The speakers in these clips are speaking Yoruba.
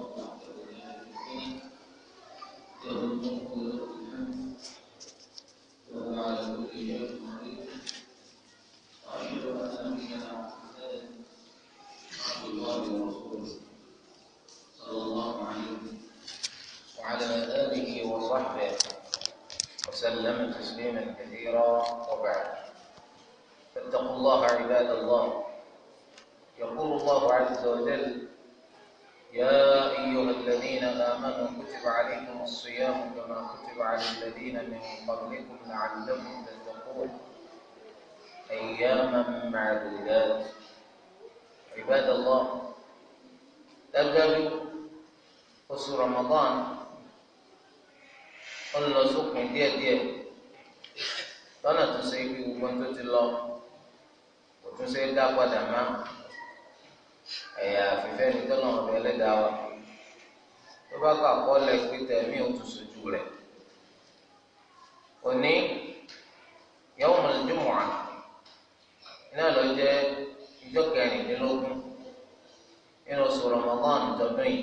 Gracias. مع بلاد عباد الله تبدأ oṣù Ramadan ọlọ sókun díẹ̀díẹ̀ lọ́nà tó ṣe ibi gbogbo tó ti lọ kò tún ṣe dá padà má ẹ̀yà àfìfẹ́ ní tọ́lọ̀ ọ̀rọ̀ ẹlẹ́dàá wa tó bá kà kọ́lẹ̀ pété mí ò tún sojú rẹ̀ òní yawmul jumu'ah iná lọ jẹ́ ìjọ kẹrìndínlógún nínú oṣù Ramadan tọdún yìí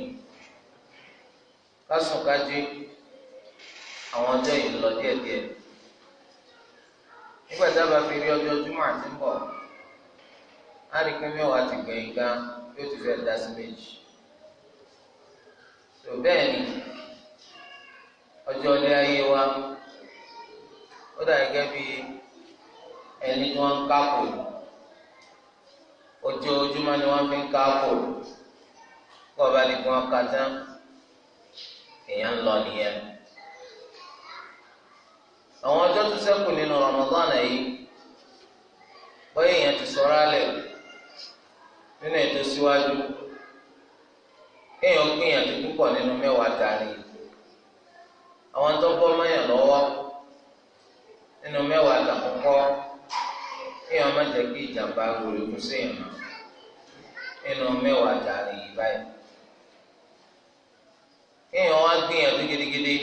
kásùn kájí àwọn yìí lọ díẹ̀díẹ̀ nígbà tá a bá fi rí ọjọ́ júmọ̀ àti ń bọ̀ á rí pé ti gan ayé wa ó dà ẹni ojoojúmọ́ ni wọ́n fi ń ká kò kó ọba ní kí wọ́n èèyàn ń lọ nìyẹn. àwọn ọjọ́ tó sẹ́kù nínú Ramadan yìí bóyá èèyàn ti sọ̀rọ̀ alẹ̀ nínú ètò síwájú gbìyànjú púpọ̀ nínú mẹ́wàá kéèyàn má jẹ́ kí ìjàmbá wòlé kún séèyàn mọ́ nínú mẹ́wàá dàrí yìí báyìí kéèyàn wá gbìyànjú gidigidi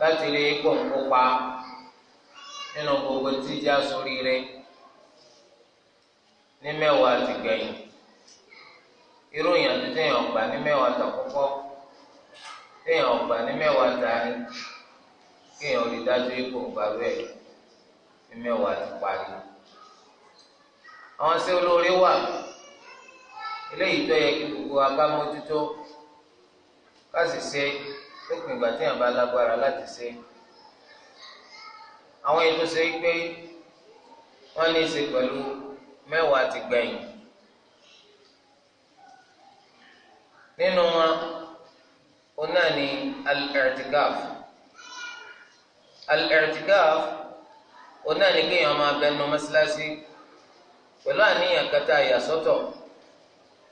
láti rí nkópa nínú gbogbo tíjà sórí rẹ ní mẹ́wàá ti gbẹ̀yìn irú ìyànjú téèyàn ní mẹ́wàá ní mẹ́wàá dàrí ipò gbàgbé ní mẹ́wàá ti parí àwọn sí olóore wà eléyìí tó yẹ kí gbogbo akámójútó ká sì ṣe lópin ìgbà tí àbá lágbára láti ṣe àwọn ètò ṣe pé wọ́n ní í ṣe pẹ̀lú mẹ́wàá ti gbẹ̀yìn nínú wọn ó náà ní al-i'tikaf al-i'tikaf òun náà ní kéèyàn máa bẹ nu mọ́sálásí pẹ̀lú àníyàn kẹta ìyàsọ́tọ̀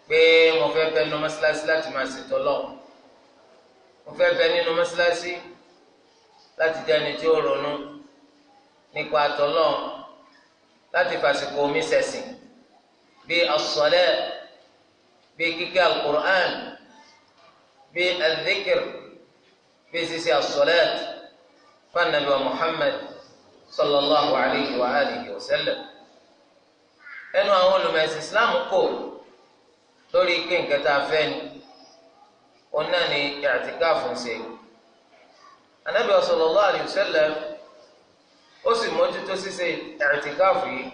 pé mo fẹ́ bẹ nu mọ́sálásí láti máa ṣètò lọ́wọ́ mo fẹ́ bẹ nínú mọ́sálásí láti jẹ́ ẹni tí ó ronú nípa àtọ́lọ́ láti fàṣìkò omi ṣẹ̀sìn bí as bí kíkẹ́ al bí al bí ṣíṣe as fún Ànábì Muhammad. sallallahu alayhi wa alihi wa sallam ẹnu àwọn olùmẹ̀sìn islam kò lórí ike nǹkan tá a ni náà ṣe anabi sallallahu alayhi wa sallam ó sì mójútó ṣíṣe i'tikaf yìí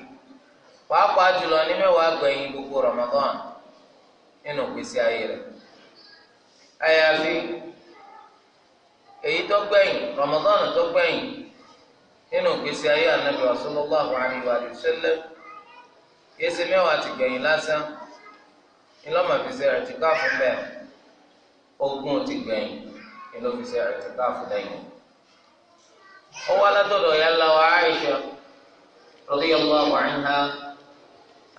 pàápàá jùlọ ní mẹ́wàá gbẹ̀yìn gbogbo ramadan nínú ìgbésí ayé èyí tó ramadan tó nínú ìgbésí ayé ànábì wa sallallahu alayhi wa sallam yéésì mẹ́wàá ti gbẹ̀yìn lásán ńlọ́mọ̀fíṣẹ́ rẹ̀ ti ká fún bẹ́ẹ̀ ogún ti gbẹ̀yìn ńlọ́mọ̀fíṣẹ́ rẹ̀ ti ká fún lẹ́yìn. ó wá látọ̀dọ̀ yàrá wa Aisha radiyallahu anha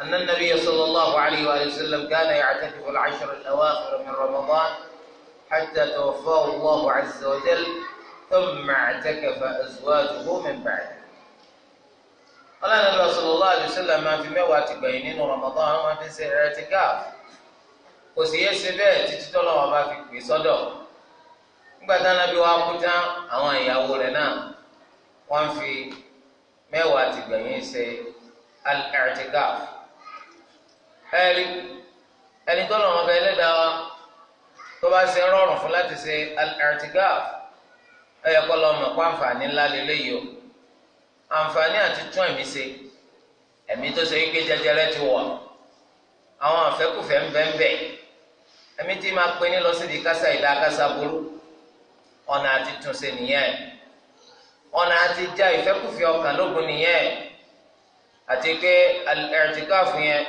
أن النبي صلى الله عليه وآله وسلم كان يعتكف العشر الأواخر من رمضان حتى توفاه الله عز وجل ثم اعتكف أزواجه من بعده ọlọ́run sallallahu alaihi wasallam máa fi mẹ́wàá ti gbẹ̀yìn nínú Ramadan àwọn máa fi ṣe ẹ̀rẹ́tìkáf kò sì yé ṣe bẹ́ẹ̀ títí tọ́lọ́wọ́ bá fi pè sọ́dọ̀ nígbà tí Ànábì wa kú tán àwọn ìyàwó rẹ̀ náà wọ́n fi mẹ́wàá ti gbẹ̀yìn ṣe ẹ̀rẹ́tìkáf ẹ̀rí ẹni tọ́lọ́wọ́ bẹ ẹlẹ́dàá wa tó bá ṣe rọrùn fún láti ṣe ẹ̀rẹ́tìkáf ẹyẹ kọ́ lọ́ọ́ mọ̀ kó àǹfààní ńlá lélẹ́yìí o àǹfààní àti tún ẹ̀mí ṣe ẹ̀mí tó ṣe wípé jẹjẹrẹ ti wọ̀ àwọn àfẹ́kùfẹ́ ńbẹ́ńbẹ́ ẹ̀mí tí máa pe ní lọ sí di kásá ìdá kásá burú ọ̀nà àti tún ṣe nìyẹn ọ̀nà àti já ìfẹ́kùfẹ́ ọkàn lógun nìyẹn àti pé ẹ̀rìtìkáàfù yẹn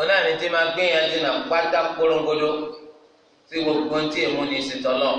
ọ̀nà àti tí máa gbé yẹn dínà pátá korongodo tí gbogbo ń tí èmú ní ìsìtọ́lọ́ọ̀.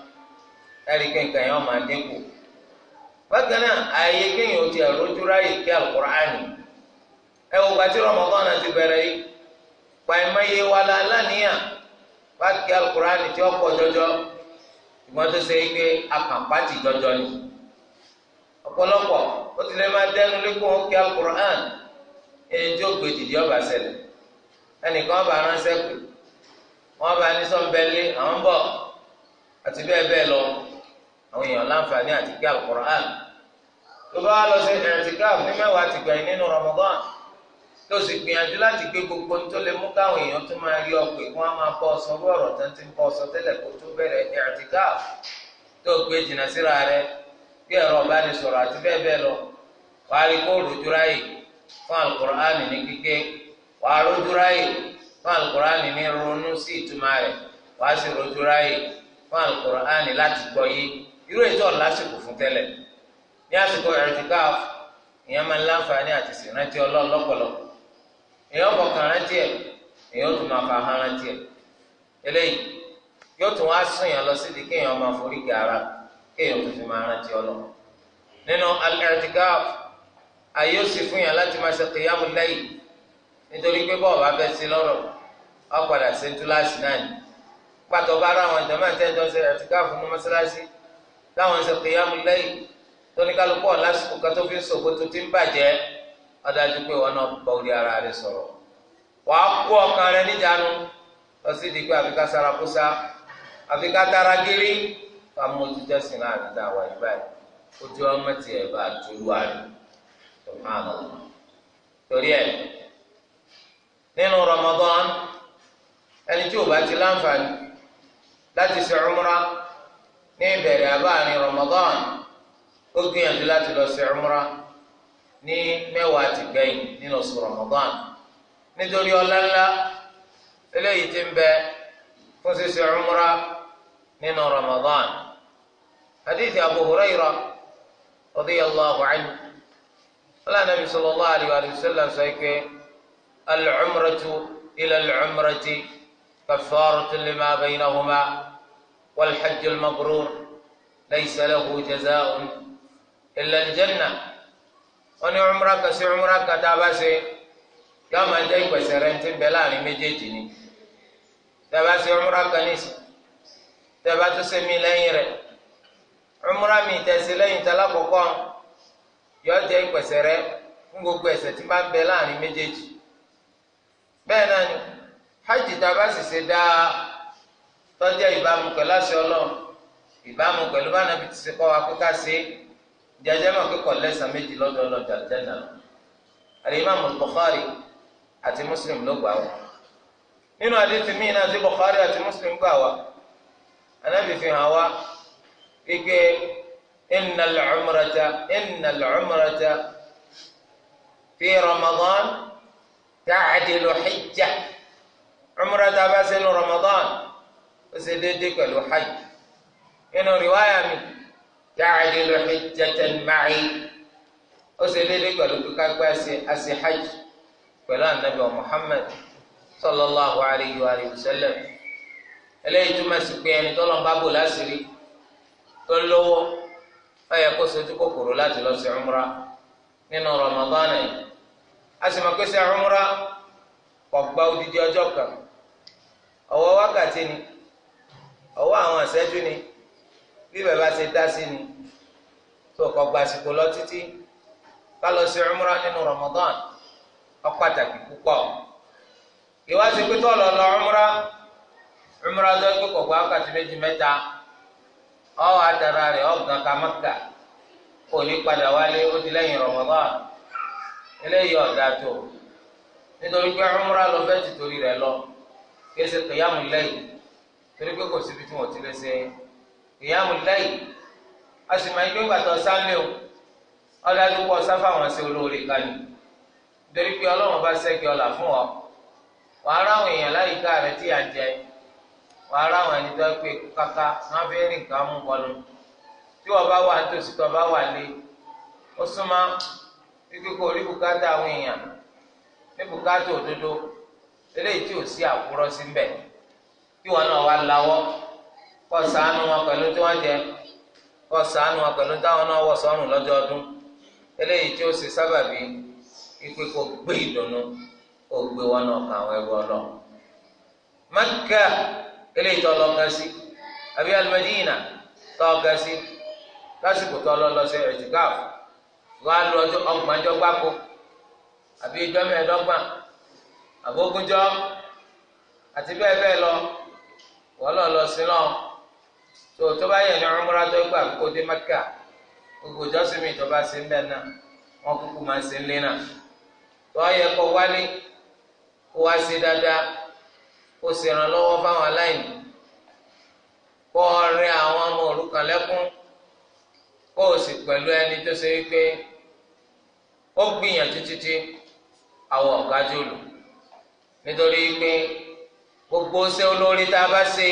ẹ̀rí kẹ́kẹ́ yẹn ọmọ adínkù bákan náà ààyè kéèyàn ti àrójú ráyè kí alukur'ani ẹ wò bàtí Ramadan náà ti bẹ̀rẹ̀ yìí pàìmáyé wa la bá kí alukur'ani tí ọkọ̀ jọjọ ìmọ̀ tó ṣe jọjọ ni ọ̀pọ̀lọpọ̀ ó ti lè máa dẹnu lékún kí ẹni tí ó gbé dìde ọba ẹnìkan pé wọ́n bá ní sọ́nbẹ́lé àwọn bọ̀ àti bẹ́ẹ̀ àwọn èèyàn láǹfààní àti kí alukur'an tó bá lọ sí ẹ̀ẹ́dìgáf ní mẹ́wàá ti nínú Ramadan tó sì gbìyànjú láti gbé gbogbo tó lè mú káwọn èèyàn tó máa rí ọpẹ́ wọn máa bọ ọsàn tó ń ti bọ ọsàn kó tó tó gbé jìnnà síra rẹ lọ rí kó fún ní fún irú ètò ọ̀làsìkò fún tẹ́lẹ̀ ní àsìkò ẹ̀rẹ̀tìkáf ìyẹn máa ń láǹfààní àti ìsìnrántí ọlọ́run lọ́pọ̀lọpọ̀ èèyàn kọkàn rántí ẹ̀ èèyàn tún máa fa ahọ́n rántí ẹ̀ eléyìí yóò tún wá sún yàn lọ síbi kéèyàn máa forí ga ara kéèyàn tún fi máa rántí ọlọ́run nínú ẹ̀rẹ̀tìkáf àyè ó sì fún yàn láti máa ṣe kìyàmù lẹ́yìn nítorí pé bọ́ọ̀ bá sí lọ́rọ̀ padà táwọn ń ṣe kìyàmù lẹ́yìn tóníkálukú ọ̀lásìkò kan tó fi ń sòkò tó ti ń bàjẹ́ ọ̀dájú pé wọn náà bá orí ara rẹ sọ̀rọ̀ wàá kó ọkàn rẹ níjànú lọ sí ìdí pé àfikà sarakosa àfikà taragiri amójútó sí náà àti àwọn ìbáyìí ojú ọmọ tiẹ̀ bá tolú àrùn subhanallah torí ẹ̀ nínú Ramadan ẹni tí ò bá ti láǹfààní láti ṣe umrah ní ìbẹ̀rẹ̀ àbáàrin Ramadan ó gbìyànjú láti lọ sí umra ní mẹ́wàá ti gbẹ̀yìn nínú oṣù Ramadan nítorí ọlá ńlá eléyìí ti ń bẹ fún ṣíṣe umra nínú Ramadan hadith Abu Hurayra radiyallahu anhu wala nabi sallallahu alayhi wa sallam sọ pé ila al-umrati kaffaratu lima baynahuma. والحج المبرور ليس له جزاء إلا الجنة wọ́n ní umra kan sí umra kan tá a bá ṣe yóò máa jẹ́ ìpèsè rẹ̀ ti ń bẹ láàrin méjèèjì ni tá a bá ṣe umra kan ní sí tá a lẹ́yìn rẹ̀ umra mi tẹ̀sí lẹ́yìn tẹ́lá kọ̀ọ̀kọ́ yóò jẹ́ ìpèsè rẹ̀ fún gbogbo ẹ̀ṣẹ̀ tí bá ń láàrin méjèèjì bẹ́ẹ̀ náà ni hajj tá sì ṣe dáa tọ́jẹ́ ìbámu pẹ̀lú àṣẹ ọlọ́run ìbámu pẹ̀lú báwọn ibi ti ṣe kọ́ wa kó ká ṣe jẹjẹ mọ̀ pé kọ̀ lẹ́sàn méjì lọ́dọ̀ ọlọ́jà jẹ́nà Al-Imam Bukhari àti Muslim ló gbà wá nínú àdéhùn míì náà tí Bukhari àti Muslim gbà wá anábì fi hàn wá gbígbé innal umrata innal umrata fi Ramadan ta'dilu hijja umrata bá sínú Ramadan ó ṣe déédé pẹ̀lú hajj inú riwaya mi ta'dilu hijjatan ma'i ó ṣe déédé pẹ̀lú kíkà gbé àṣẹ hajj pẹ̀lú anabi muhammad sallallahu alayhi wa sallam eléyìí túmọ̀ sí pé ẹni tọ́lọ́ ń bá bò láṣìírí tó lówó ó yẹ kó sojú kòkòrò láti lọ sí umra nínú Ramadan yìí a sì máa pèsè umra kò gba ọjọ́ kan ọ̀wọ́ wákàtí ni ọwọ́ àwọn ìṣẹ́jú ni bí bàbá ṣe dá sí ni tó kọ gbàsìkò lọ títí ká lọ sí umrah nínú Ramadan ó pàtàkì púpọ̀ ìwádìí pé tó lọ lọ umrah umrah lọ pé kọ̀ọ̀kan wákàtí méjì mẹ́ta ọ àdàrà rẹ̀ ọ̀gàn ká Mẹ́kà òní padà wálé ó di lẹ́yìn Ramadan eléyìí ọ̀dà tó nítorí pé umrah lọ fẹ́ ti torí lọ kí ẹ ṣe qiyamul layl. torí pé kò síbi tí wọ́n ti lè ṣe ìyáàmù a sì máa ń gbé gbàtọ sáńlẹ o ọdájú pọ sáfà wọn ṣe olóore kanu torí pé bá ọlà fún ọ wàá ráwọn èèyàn láyìíká rẹ tí à ń jẹ wàá ráwọn ẹni tó wọn fi ń rìn ká mú bọnu tí bá wà tó bá wà lé ó èèyàn ní bùkátà òdodo eléyìí tí ò sí kí wọn náà wá lawọ́ kó ṣàánú wọn pẹ̀lú tí wọ́n jẹ kó ṣàánú wọn pẹ̀lú táwọn náà wọ̀ sọ́run lọ́jọ́ ọdún eléyìí tí ó ṣe sábàbí ipe kò gbé ìdùnnú kò gbé wọn náà kàn àwọn ẹrú ọlọ Mẹ́kà eléyìí tó lọ kan sí àbí alimẹdínà tó kan sí lásìkò tó lọ lọ sí ẹtìkáf wọn á lu ọjọ́ ọgbọ̀njọ́ gbáko àbí ìjọ àbógúnjọ́ àti bẹ́ẹ̀ bẹ́ẹ̀ lọ. wọ́n lọ lọ sí lọ́n tó tó bá yẹ ní ọmọdé tó gbà kó dé mẹ́kà gbogbo ìjọsìn mi ìjọba sí ń bẹ̀ náà wọ́n kúkú máa sí ń lé náà tó yẹ kó wálé kó wá sí dáadáa ọmọ òrukàn o sì pẹ̀lú ẹni tó ṣe wípé ó gbìyànjú títí àwọn gbogbo ṣe olórí tá a bá ṣe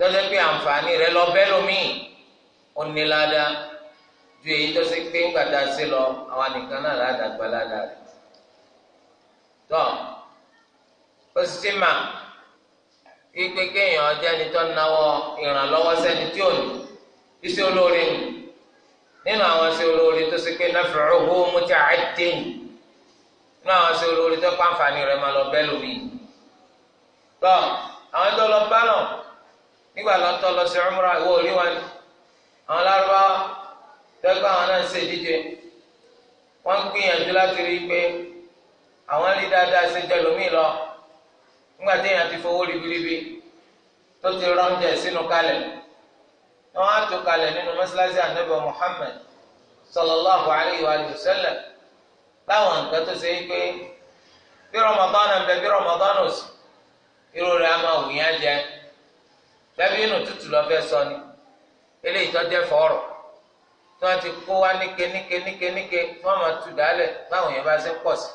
tọ́jú pé àǹfààní rẹ lọ bẹ́ẹ̀ lómi ó ní ládàá ju èyí tó ṣe pé ńgbà tá a lọ àwọn nìkan náà ládàá gba ládàá rẹ tọ́ ó sì ti mà pípé kéèyàn ọjà ni tó náwó ìrànlọ́wọ́ sẹ́ni tí ò ní iṣẹ́ olórí nù nínú àwọn ṣe olórí tó ṣe pé naf'uhu muta'addin nínú àwọn ṣe olórí tó pàǹfààní rẹ máa lọ bẹ́ẹ̀ lómi yìí tọ́ àwọn tó lọ bá náà nígbà lọ́tọ́ lọ sí ọmúra ìwọ orí wa ni àwọn lárúbáwá tẹ́gbà àwọn náà ń ṣe díje wọ́n ń gbìyànjú láti rí i pé àwọn rí dáadáa ṣe jẹ́ lómìn lọ nígbà téèyàn ti fowó ribiribi tó ti rọ́ǹjẹ̀ sínú kalẹ̀ wọ́n á tó kalẹ̀ nínú mọ́ṣáláṣí ànábì Muhammad sallallahu alayhi wa sallam láwọn nǹkan tó ṣe é pé bí Ramadan ń bẹ bí Ramadan ò irú ama a máa wù yẹn jẹ bẹ́ẹ̀ inú tútù sọ ni eléyìí tó jẹ́ fọrọ. tí ti kó nike níke níke níke níke tí wọ́n tu dálẹ̀ báwọn yẹn bá ṣe pọ̀ sí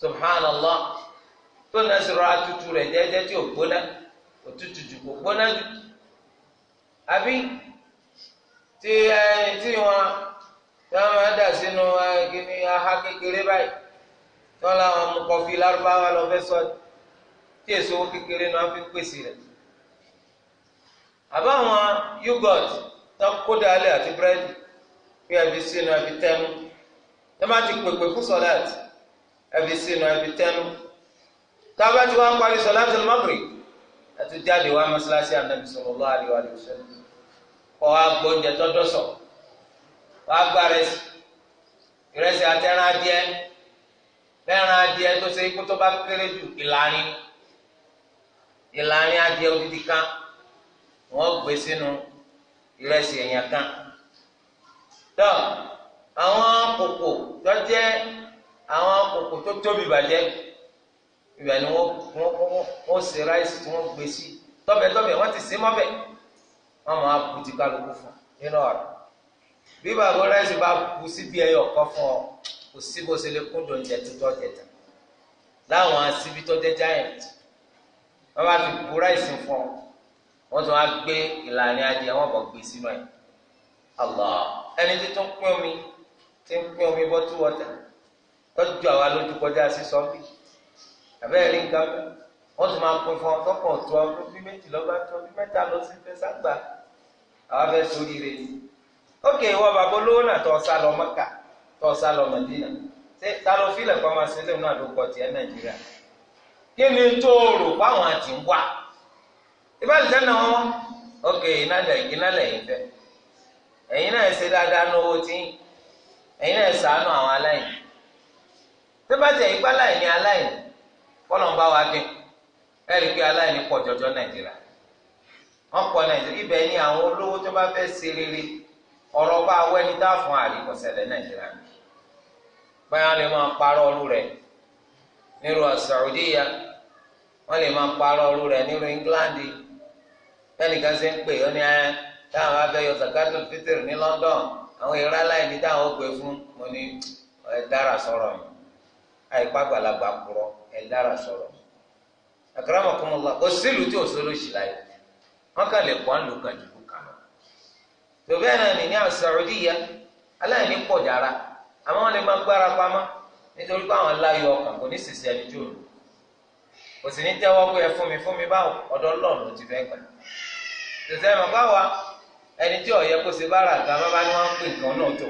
subhanallah tó náà sì rọra tútù rẹ̀ tí gbóná gbóná àbí tí ẹ tí aha kékeré báyìí tí wọn làwọn mú lárúbáwá lọ sọ tí èso owó kékeré náà fi pèsè rẹ̀ àbáwọn yogurt tó kó dalẹ̀ àti búrẹ́dì bí ẹbí sínú ẹbí tẹnu ẹ má ti pèpè fún sọláàtì ẹbí sínú ẹbí tẹnu tábà tí wọ́n parí sọláàtì lọ́mọ́bìrì ẹtù jáde wá mọ́sálásí ànábì sallallahu alaihi wasallam kọ́ wa gbóúnjẹ tọ́jọ́ sọ wá gba rẹsì ìrẹsì àtẹ̀rán adìẹ bẹ́ẹ̀rán adìẹ tó ṣe ikú tó bá kéré jù ìlànà ìlànà adìẹ odidi kan wọ́n gbé sínú ìrẹsì èèyàn kan tó àwọn kòkò tó jẹ́ àwọn kòkò tó tóbi bàjẹ́ ìgbà ni wọ́n wọ́n ṣe ráìsì tí wọ́n gbé sí tọ́bẹ̀tọ́bẹ̀ wọ́n ti sè mọ́bẹ̀ wọ́n máa bu ti kálukú fún nínú ọ̀rọ̀ bí bàbá ráìsì bá bu síbi ẹyọ kọ́ fún ọ kò sí bó ṣe lè kún dòǹjẹ tó tọ́ jẹta láwọn síbi tó jẹ́ giant wọ́n bá ti kú ráìsì fún ọ wọ́n tún wá gbé ìlànà adìẹ wọ́n bọ̀ gbé sínú ẹ̀ Allah ẹni tí tó ń pín omi tí ń pín omi bọ́tú wọ́tà tọ́jú àwa lójú kọjá sí sọ́ọ̀bì àbẹ́rẹ́ rí nǹkan bẹ́ẹ̀ wọ́n tún máa pín fún ọ tọkọ̀ tó ọ bí méjì lọ́ba tó bí mẹ́ta lọ sí fẹ́ ságbà àwọn fẹ́ sórí rẹ̀ ni ókè ìwọ bàbá olówó náà tọ́ sá lọ Mẹ́kà tọ́ sá lọ Mẹ́dínà ṣé ta ló fílẹ̀ kọ́ máa ṣe kí ni tó rò páwọn àti ń wá ìbáraẹni na wọn ok iná lẹ́yìn iná lẹ́yìn fẹ́ ẹ̀yin náà ṣe dáadáa ní tí ẹ̀yin náà ṣàánú àwọn aláìní tó bá tẹ̀ ipá láìní aláìní kọ́lọ̀ wa dín ẹ̀rí pé aláìní jọjọ nàìjíríà nàìjíríà ni àwọn olówó tó bá ṣe rere bá fún nàìjíríà báyọ̀ wọ́n lè máa parọ́ ọrú rẹ̀ nínú England tẹ́nìkan ṣe ń pè ó ní ẹ táwọn bá yọ zakato fitr ní London àwọn ìrora láìní táwọn ó pè fún mo ní ẹ dára sọ̀rọ̀ yìí àìpá gbàlagbà kúrọ̀ ẹ dára sọ̀rọ̀ akramakumullah kò sílùú tí òṣèlóṣì láyé wọ́n kàn lè pọ́n lù kàn jùlọ kàn lọ. tòbí ẹ̀ náà nìyí Saudiya aláìní pọ̀ jára àmọ́ wọn lè máa gbára pamọ́ nítorí pé àwọn láyọ̀ ọkàn kò ní sísẹ́ ẹni jù lọ. kò sì ní tẹ́wọ́ pé ẹ fún mi fún mi báwo ma Ọlọ́run ló ti fẹ́ gbà tòtẹ́ ẹ̀ báwa ẹni tí ó kó ṣe bára ga bábá ni wọ́n ń pè nǹkan náà tó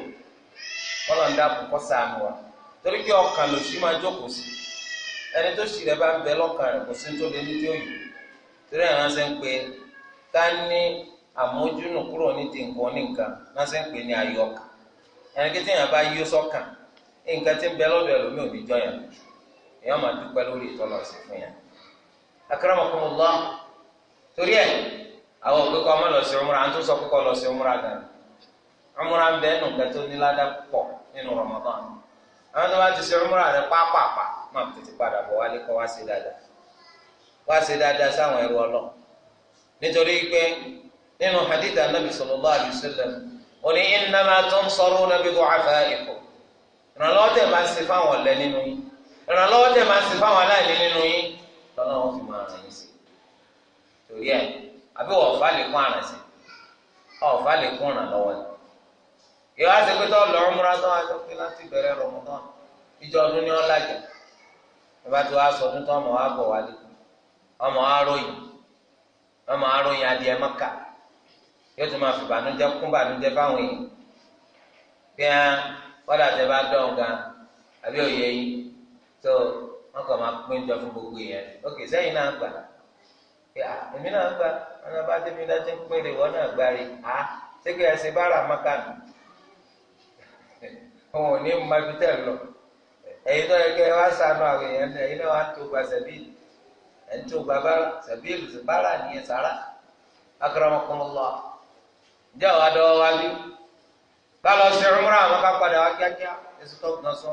kọ́lọ̀ ń dàpọ̀ kọ́ sàánù wa torí pé ọkàn ló sì máa jókòó sí ẹni tó sì rẹ bá bẹ lọ́kàn rẹ̀ kò sí tó lé ní torí ẹ̀ ránṣẹ́ ń ká ní àmójúnù kúrò nǹkan akramakumullah torí ẹ̀ àwọn òkè kọ́ ọmọ lọ sí ọmúra àti sọ kókó lọ sí ọmúra gan ọmúra ń bẹ́ẹ̀ nù nǹkan tó ní ládà pọ̀ nínú Ramadan àwọn tó bá ti sí ọmúra rẹ pápápá máa tètè padà bọ̀ wálé kọ́ wá sí dáadáa wá sí dáadáa sáwọn ẹrú ọlọ́ nítorí pé nínú hadith anabi sallallahu alayhi wa sallam oní innama tunsaruna bi du'afaikum ìrànlọ́wọ́ tẹ̀ máa ń ṣe fáwọn ọ̀lẹ́ nínú yín ìrànlọ́wọ́ tẹ̀ máa ń ṣe fáwọn aláìní nínú yín tọ́lá wọn fi máa ràn yín sí torí ẹ àbí wọ́n ọ̀fà lè kún àràn sí ọ̀fà lè kún ràn lọ́wọ́ ìwà pé láti bẹ̀rẹ̀ ìjọ ọdún ni wọ́n lájà tí tó wá sọ ọdún ọmọ wa bọ̀ ọmọ wa ròyìn ọmọ wa ròyìn adìẹ mọ́kà yóò tún máa fi kún wọn kàn máa pín jọ fún gbogbo yẹn ok sẹ́yìn náà gbà pé à èmi náà gbà wọn náà bá débi náà ti ń pín rè wọn náà gbà rè à sékè ẹsẹ bára maka nù òun ò ní mọ ibi tẹ lọ ẹ̀yin náà yẹ kẹ wá sànù àwọn èèyàn ẹ̀yin náà wá tó gba sẹbíìlì ẹni tó gba bára sẹbíìlì bára nìyẹn sára akramakumullah ǹjẹ́ àwọn adọ́wọ́ wá bí bá lọ sí ọmọ àwọn ká padà wá kíákíá ẹsẹ tó gbọ́n sọ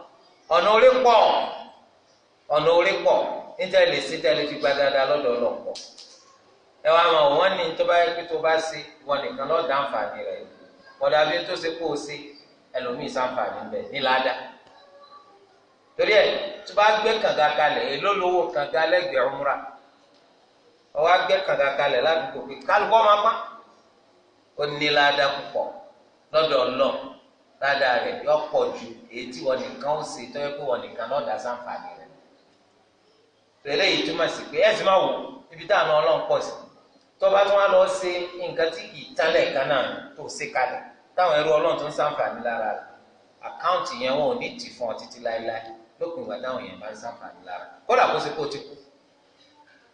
ọ̀nà orí pọ̀ ọ̀nà orí pọ̀ níta lè ṣe tá gba dáadáa lọ́dọ̀ ọlọ́pọ̀ ẹ wá mọ̀ wọ́n ní tó bá pé tó bá ṣe ìwọ nìkan lọ́ọ́ àǹfààní rẹ̀ bí tó ṣe kó o ṣe ẹlòmíì ṣàǹfààní bẹ̀ níláàdá torí ẹ tó bá gbé kànga kalẹ̀ èló lówó kànga lẹ́gbẹ̀ẹ́ ọmúra ọwọ́ gbé kalẹ̀ ládùúgbò kálukọ́ máa pa ó púpọ̀ lọ́dọ̀ ládàá rẹ̀ yọ pọ̀ ju èyí tí wọ́n nìkan ó ṣe tó yẹ pé wọ́n nìkan náà dá sáǹfààní rẹ̀ tẹ̀lé yìí túmọ̀ sí pé ẹ̀sìn máa wò ibi tá àna ọlọ́run pọ̀ sí tó bá tún wá lọ ṣe nǹkan tí kì í tálẹ̀ kan náà tó ṣe kalẹ̀ táwọn ẹrú ọlọ́run tó ń sáǹfààní lára rẹ̀ àkáǹtì yẹn wọn ò ní tì fún ọ títí láéláé lópin ìgbà táwọn yẹn bá ń sáǹfààní lára kódà kó ṣe kó ti kú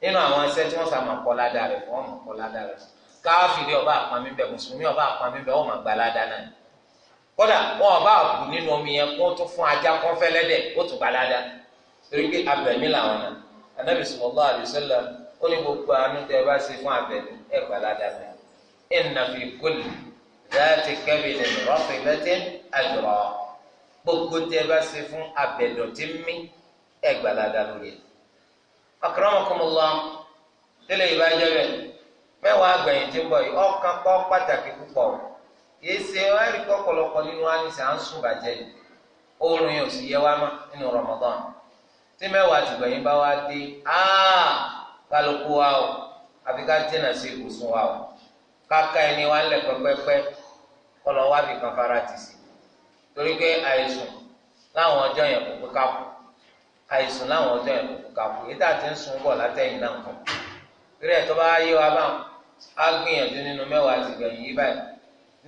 nínú àwọn iṣẹ́ tí wọ́n sá máa kọ́ ládàá rẹ̀ káfíìrì ọba àpamíbẹ̀ mùsùlùmí ọba àpamíbẹ̀ ọmọ àgbà ládàá náà kódà wọn ọba àbù nínú omi yẹn kó tún fún ajá kó fẹ́ lẹ́dẹ̀ ó tún gbà dáadáa torí pé abẹ̀mí làwọn náà anabi sallallahu alaihi wasallam ó ní gbogbo àánú tẹ ẹ bá ṣe fún abẹ̀mí ẹ gbà dáadáa mẹ inna fi kulli dhati kabidin rafibatin ajra gbogbo tẹ ẹ bá ṣe fún abẹ̀dọ̀tí mí ẹ gbà dáadáa lórí ẹ akramakumullah tẹlẹ ìbájẹ bẹ mẹwàá àgbẹ̀yìn tí ń bọ̀ yìí kìí ṣe ẹrí kọ́ ọ̀pọ̀lọpọ̀ nínú wa ní sẹ́ à ń sùn bàjẹ́ yìí oorun yóò sì yẹ wá mọ́ nínú Ramadan tí mẹ́wàá àtìgbẹ̀yìn bá wá dé kálukú wa o àfi ká jìnnà sí ibùsùn wa o káka ẹni wa ńlẹ̀ pẹ́pẹ́pẹ́ kọlọ wá fi kan fara tì sí torí pé àìsùn láwọn ọjọ́ yẹn kò pé ká kú àìsùn láwọn ọjọ́ yẹn kò pé ká kú èyí tá a ti ń sùn bọ̀ látẹ̀yìn náà kàn rí ẹ̀ tó bá yé wa báwọn á gbìyànjú nínú mẹ́wàá àtìgbẹ̀yìn yí báyìí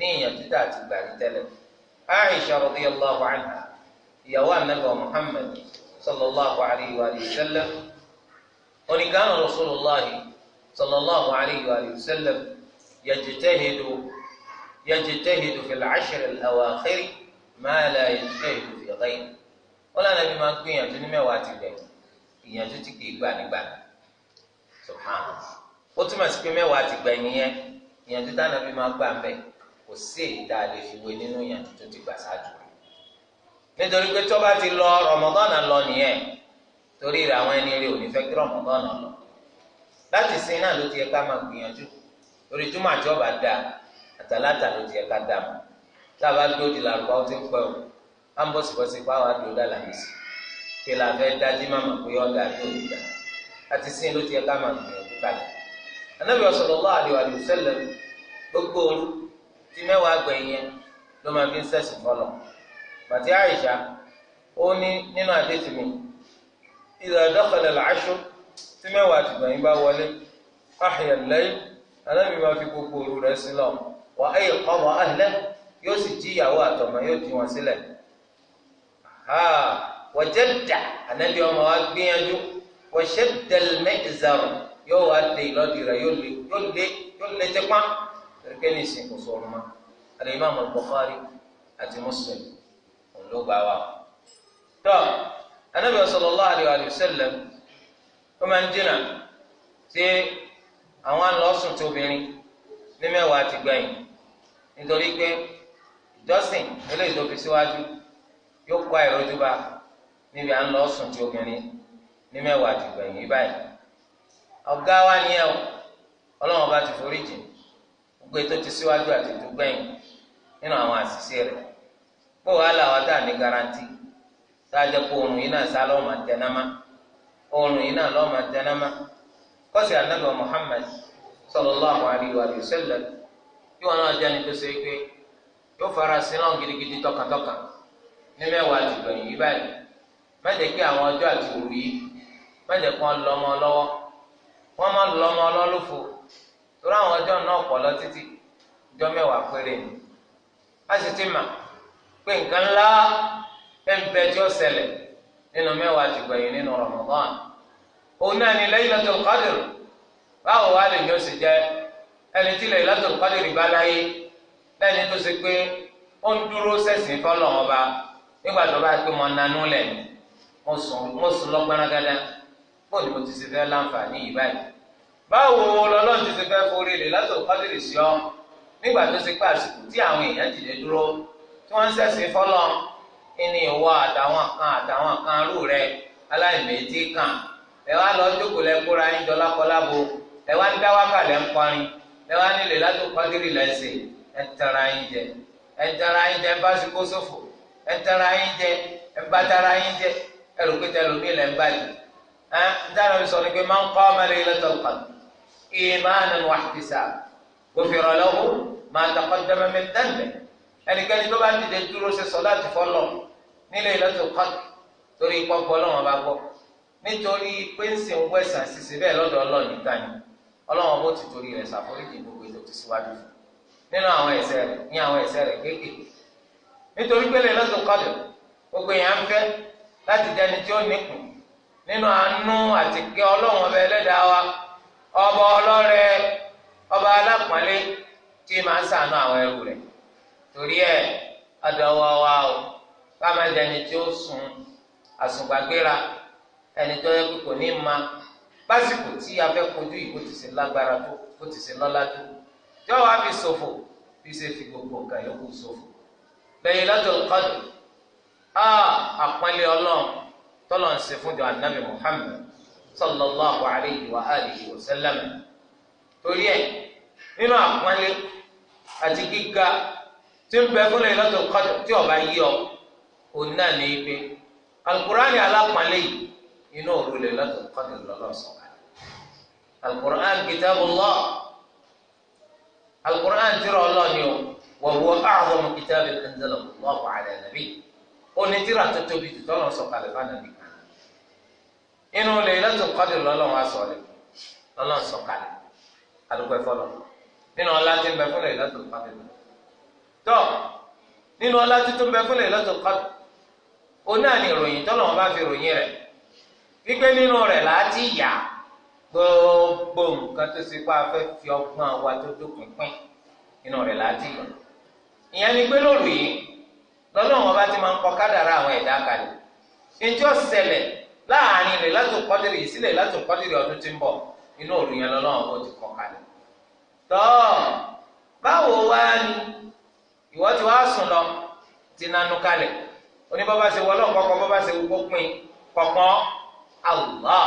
ní ìyànjú tá a ti gbà ní tẹ́lẹ̀ Aisha radiyallahu anha ìyàwó anabi Muhammad sallallahu alayhi wa sallam oníkanu rasulullahi sallallahu alayhi wa sallam yajtahidu yajtahidu fil ashr al awakhir ma la yajtahidu fi ghayr wọn lànà bí máa ń gbìyànjú ní mẹ́wàá ti gbẹ̀yìn ìyànjú tí kì í gbà nígbà subhanahu ó túmọ̀ sí pé mẹ́wàá ti gbẹ̀yìn yẹn ìyànjú táwọn àbí máa gbà ń bẹ̀yìn kò sí èyí tá a lè fi wé nínú ìyànjú tó ti gbà ṣáájú rẹ̀ nítorí pé tó bá ti lọ rọmọdọ́nà lọ nìyẹn torí rẹ̀ àwọn ẹni rẹ̀ ò ní fẹ́ kí rọmọdọ́nà lọ láti sin náà ló ti yẹ ká máa gbìyànjú lórí túmọ̀ àti ọba dá àtàlátà ló ti yẹ ká dá mọ́ tá a bá gbé òdì làrúbá ó ti ń pẹ́ o á ń bọ̀sibọ̀si pa àwọn àdúró dàlà yìí sí pé la fẹ́ dájú màmá pé ọ̀dà àti òdì dá láti sin ló ti yẹ ká máa gbìyànjú kalẹ̀ anábìyàn sallallahu alaihi tí mẹ́wàá gbẹ̀yìn yẹn ló máa fi ń sẹ̀sìn fọlọ̀ bàtí àyíṣà ó ní nínú àdéhùn mi ìlà dọ́kọ̀lẹ̀ làásù tí mẹ́wàá ti gbẹ̀yìn bá wọlé ahìyà lẹ́yìn anábì máa fi gbogbo òru rẹ̀ sí lọ wà á yẹ kọ́ ọmọ ahìlẹ́ yóò sì jí ìyàwó àtọmọ yóò jí wọn sílẹ̀ wọ́jẹ́ dà anábì ọmọ wa gbìyànjú wọ́ṣẹ́ dẹ̀lmẹ́ ìzàrọ̀ yóò wá dé ìlọ́dì rẹ̀ yóò lé yóò lé tẹ́pọ́n kẹ́lẹ́ ìsìn kò sọ ọ̀run mọ́ al-Imam al-Bukhari àti Muslim òun ló gbà wá. tọ́ Ànábì sallallahu alayhi wa sallam ó máa ń dínà tí àwọn àlọ́sùn tí obìnrin ní mẹ́wàá ti gbẹ̀yìn nítorí pé ìjọsìn eléyìí tó fi síwájú yóò kó àìrọ́jú bá níbi à ń obìnrin ní mẹ́wàá ti gbẹ̀yìn báyìí ọ̀gá wa nìyẹn o ọlọ́run bá ti forí jìn gbogbo ètò ti síwájú àti ètò gbẹ̀yìn nínú àwọn àṣìṣe rẹ̀ bó wàhálà wa ní garanti sáájẹ́ pé oorun yìí náà sá lọ́ọ́ tẹnámá oorun yìí náà lọ́ọ́ tẹnámá kọ́sì anábìá Muhammad sallallahu alaihi wa sallam bí wọn náà jẹ́ni tó ṣe é pé yóò fara sílọ̀ gidigidi tọkàntọkà ní mẹ́wàá àti gbẹ̀yìn yìí báyìí kí àwọn ọjọ́ àti òru yìí kí wọ́n lọ́mọ lọ́wọ́ wọ́n torí àwọn ọjọ́ náà pọ̀ lọ títí ọjọ́ mẹ́wàá péré ni a sì ti mà pé nǹkan ńlá ẹnbẹ tí ó ṣẹlẹ̀ nínú mẹ́wàá ti gbẹ̀yìn nínú Ramadan òun náà ni Laylatul báwo wá lè ní jẹ ẹni tí bá láyé lẹ́ni tó ṣe pé ó ń dúró sẹ́sìn fọ́lọ́ ọba nígbà tó bá pé mo nanú mo sùn lọ́gbọ́n bóyá mo ti ṣe fẹ́ láǹfààní yìí báyìí. báwo lọ́lọ́run ti ṣe fẹ́ forí rẹ̀ látòkò kọ́dìrì sí ọ nígbà tó ṣe pé àsìkò tí àwọn èèyàn dìde dúró tí wọ́n ń ṣẹ̀sìn fọ́lọ́ ìní ìwọ àtàwọn kan àtàwọn kan rú rẹ aláìmẹ̀tì kan ẹ wá lọ jókòó lẹ kóra yín jọ lákọlábo ẹ wá ń dá wákà lẹ ń kọrin ẹ wá nílé látòkò kọ́dìrì lẹ́sẹ̀ ẹ tẹ̀ra yín jẹ ẹ tẹ̀ra yín jẹ bá ṣubú sófò ẹ tẹ̀ra yín jẹ ẹ bá tẹ̀ra yín jẹ ẹ rò pé tẹ̀lómi lẹ́ ń báyìí ẹ ń dáná sọ ni pé máa ń kọ́ ọmọ ilé lẹ́tọ̀ọ́ kàdù ìmánu wàhísà gbófinró lọ́wọ́ máa dàkọ́ dẹ́mẹ́mẹ́ dẹ́mẹ́ ẹnikẹ́ni tó bá dìde dúró ṣe sọ láti fọlọ́ nílé ìlọ́tò kọ́t torí ipò gbọ́lọ́ wọn bá gbọ́ nítorí pé ń sìn wẹ́sàn ṣiṣẹ́ bẹ́ẹ̀ lọ́dọ̀ ọlọ́ọ̀ni kan yìí ọlọ́wọ́n bó ti torí rẹ̀ ṣàforíjì gbogbo ètò ti síwájú fún nínú àwọn ẹ̀ṣẹ̀ rẹ̀ ní àwọn ẹ̀ṣẹ̀ rẹ̀ kéékèèké nítorí pé lè lọ́tò kọ́dọ̀ gbogbo èèyàn ń fẹ́ láti jẹni tí ó níkùn nínú àánú àti kẹ́ ọlọ́wọ́n ọbẹ̀ ẹlẹ́dàá wa ọba ọlọrẹ ọba alápọ̀nlé tí máa sànú àwọn ẹrú rẹ torí ẹ ọ̀dọ̀wọ́ wa o káma jẹ ẹni tí ó sùn àsùngbàgbéra ẹni tó yẹ kó ní ma lásìkò tí a fẹ kojú ìbò tí wá fi fi ṣe fi gbogbo nǹkan yòókù ń ṣe fún jọ sallallahu alayhi wa alihi wa sallam torí ẹ nínú àpọ́nlé àti gíga tí ń bẹ fún Laylatul Qadr tí ọba yí ọ òun náà ní ipe alukurani alápọ́nlé yìí inú òru Laylatul Qadr lọ́lọ́ sọ̀kalẹ̀ alukuran kitabullah alukurani tírà ọlọ́ni o wa huwa a'zamu kitabin anzalahu Allahu ala nabi onítìrà tó tóbi tó tọ́lọ̀ sọ̀kalẹ̀ fún anabi inú Laylatul Qadr lọ́lọ́run wá sọ̀rọ̀ lọ́lọ́run sọ̀kalẹ̀ adúgbò ẹ̀fọ́lọ̀ nínú ọlá tí ń bẹ fún Laylatul Qadr tọ́ nínú ọlá tí tó ń bẹ fún Laylatul Qadr oní àná ìròyìn tọ́lọ́run bá fi ròyìn rẹ̀ wípé nínú rẹ̀ láti yà gbogbo nǹkan tó ṣe pé a fẹ́ fi ọgbọ́n wa tó dókun pín inú rẹ̀ láti yà ìyẹn ni pé lóru lọ́lọ́run ọba ti máa ń kọ kádàrá àwọn ẹ̀dá láàrin rẹ̀ látún kọ́dìrì sílẹ̀ látún kọ́dìrì ọdún tí ń bọ̀ inú òru yẹn lọ́lọ́run ó ti kọ́ kalẹ̀. tọ́ báwo wá ni ìwọ ti wá sùn lọ ti nanú kalẹ̀ oníbọ́bá ṣe wọlọ́ kọ́kọ́ bọ́bá ṣe gbogbo pin kọ̀kan Allah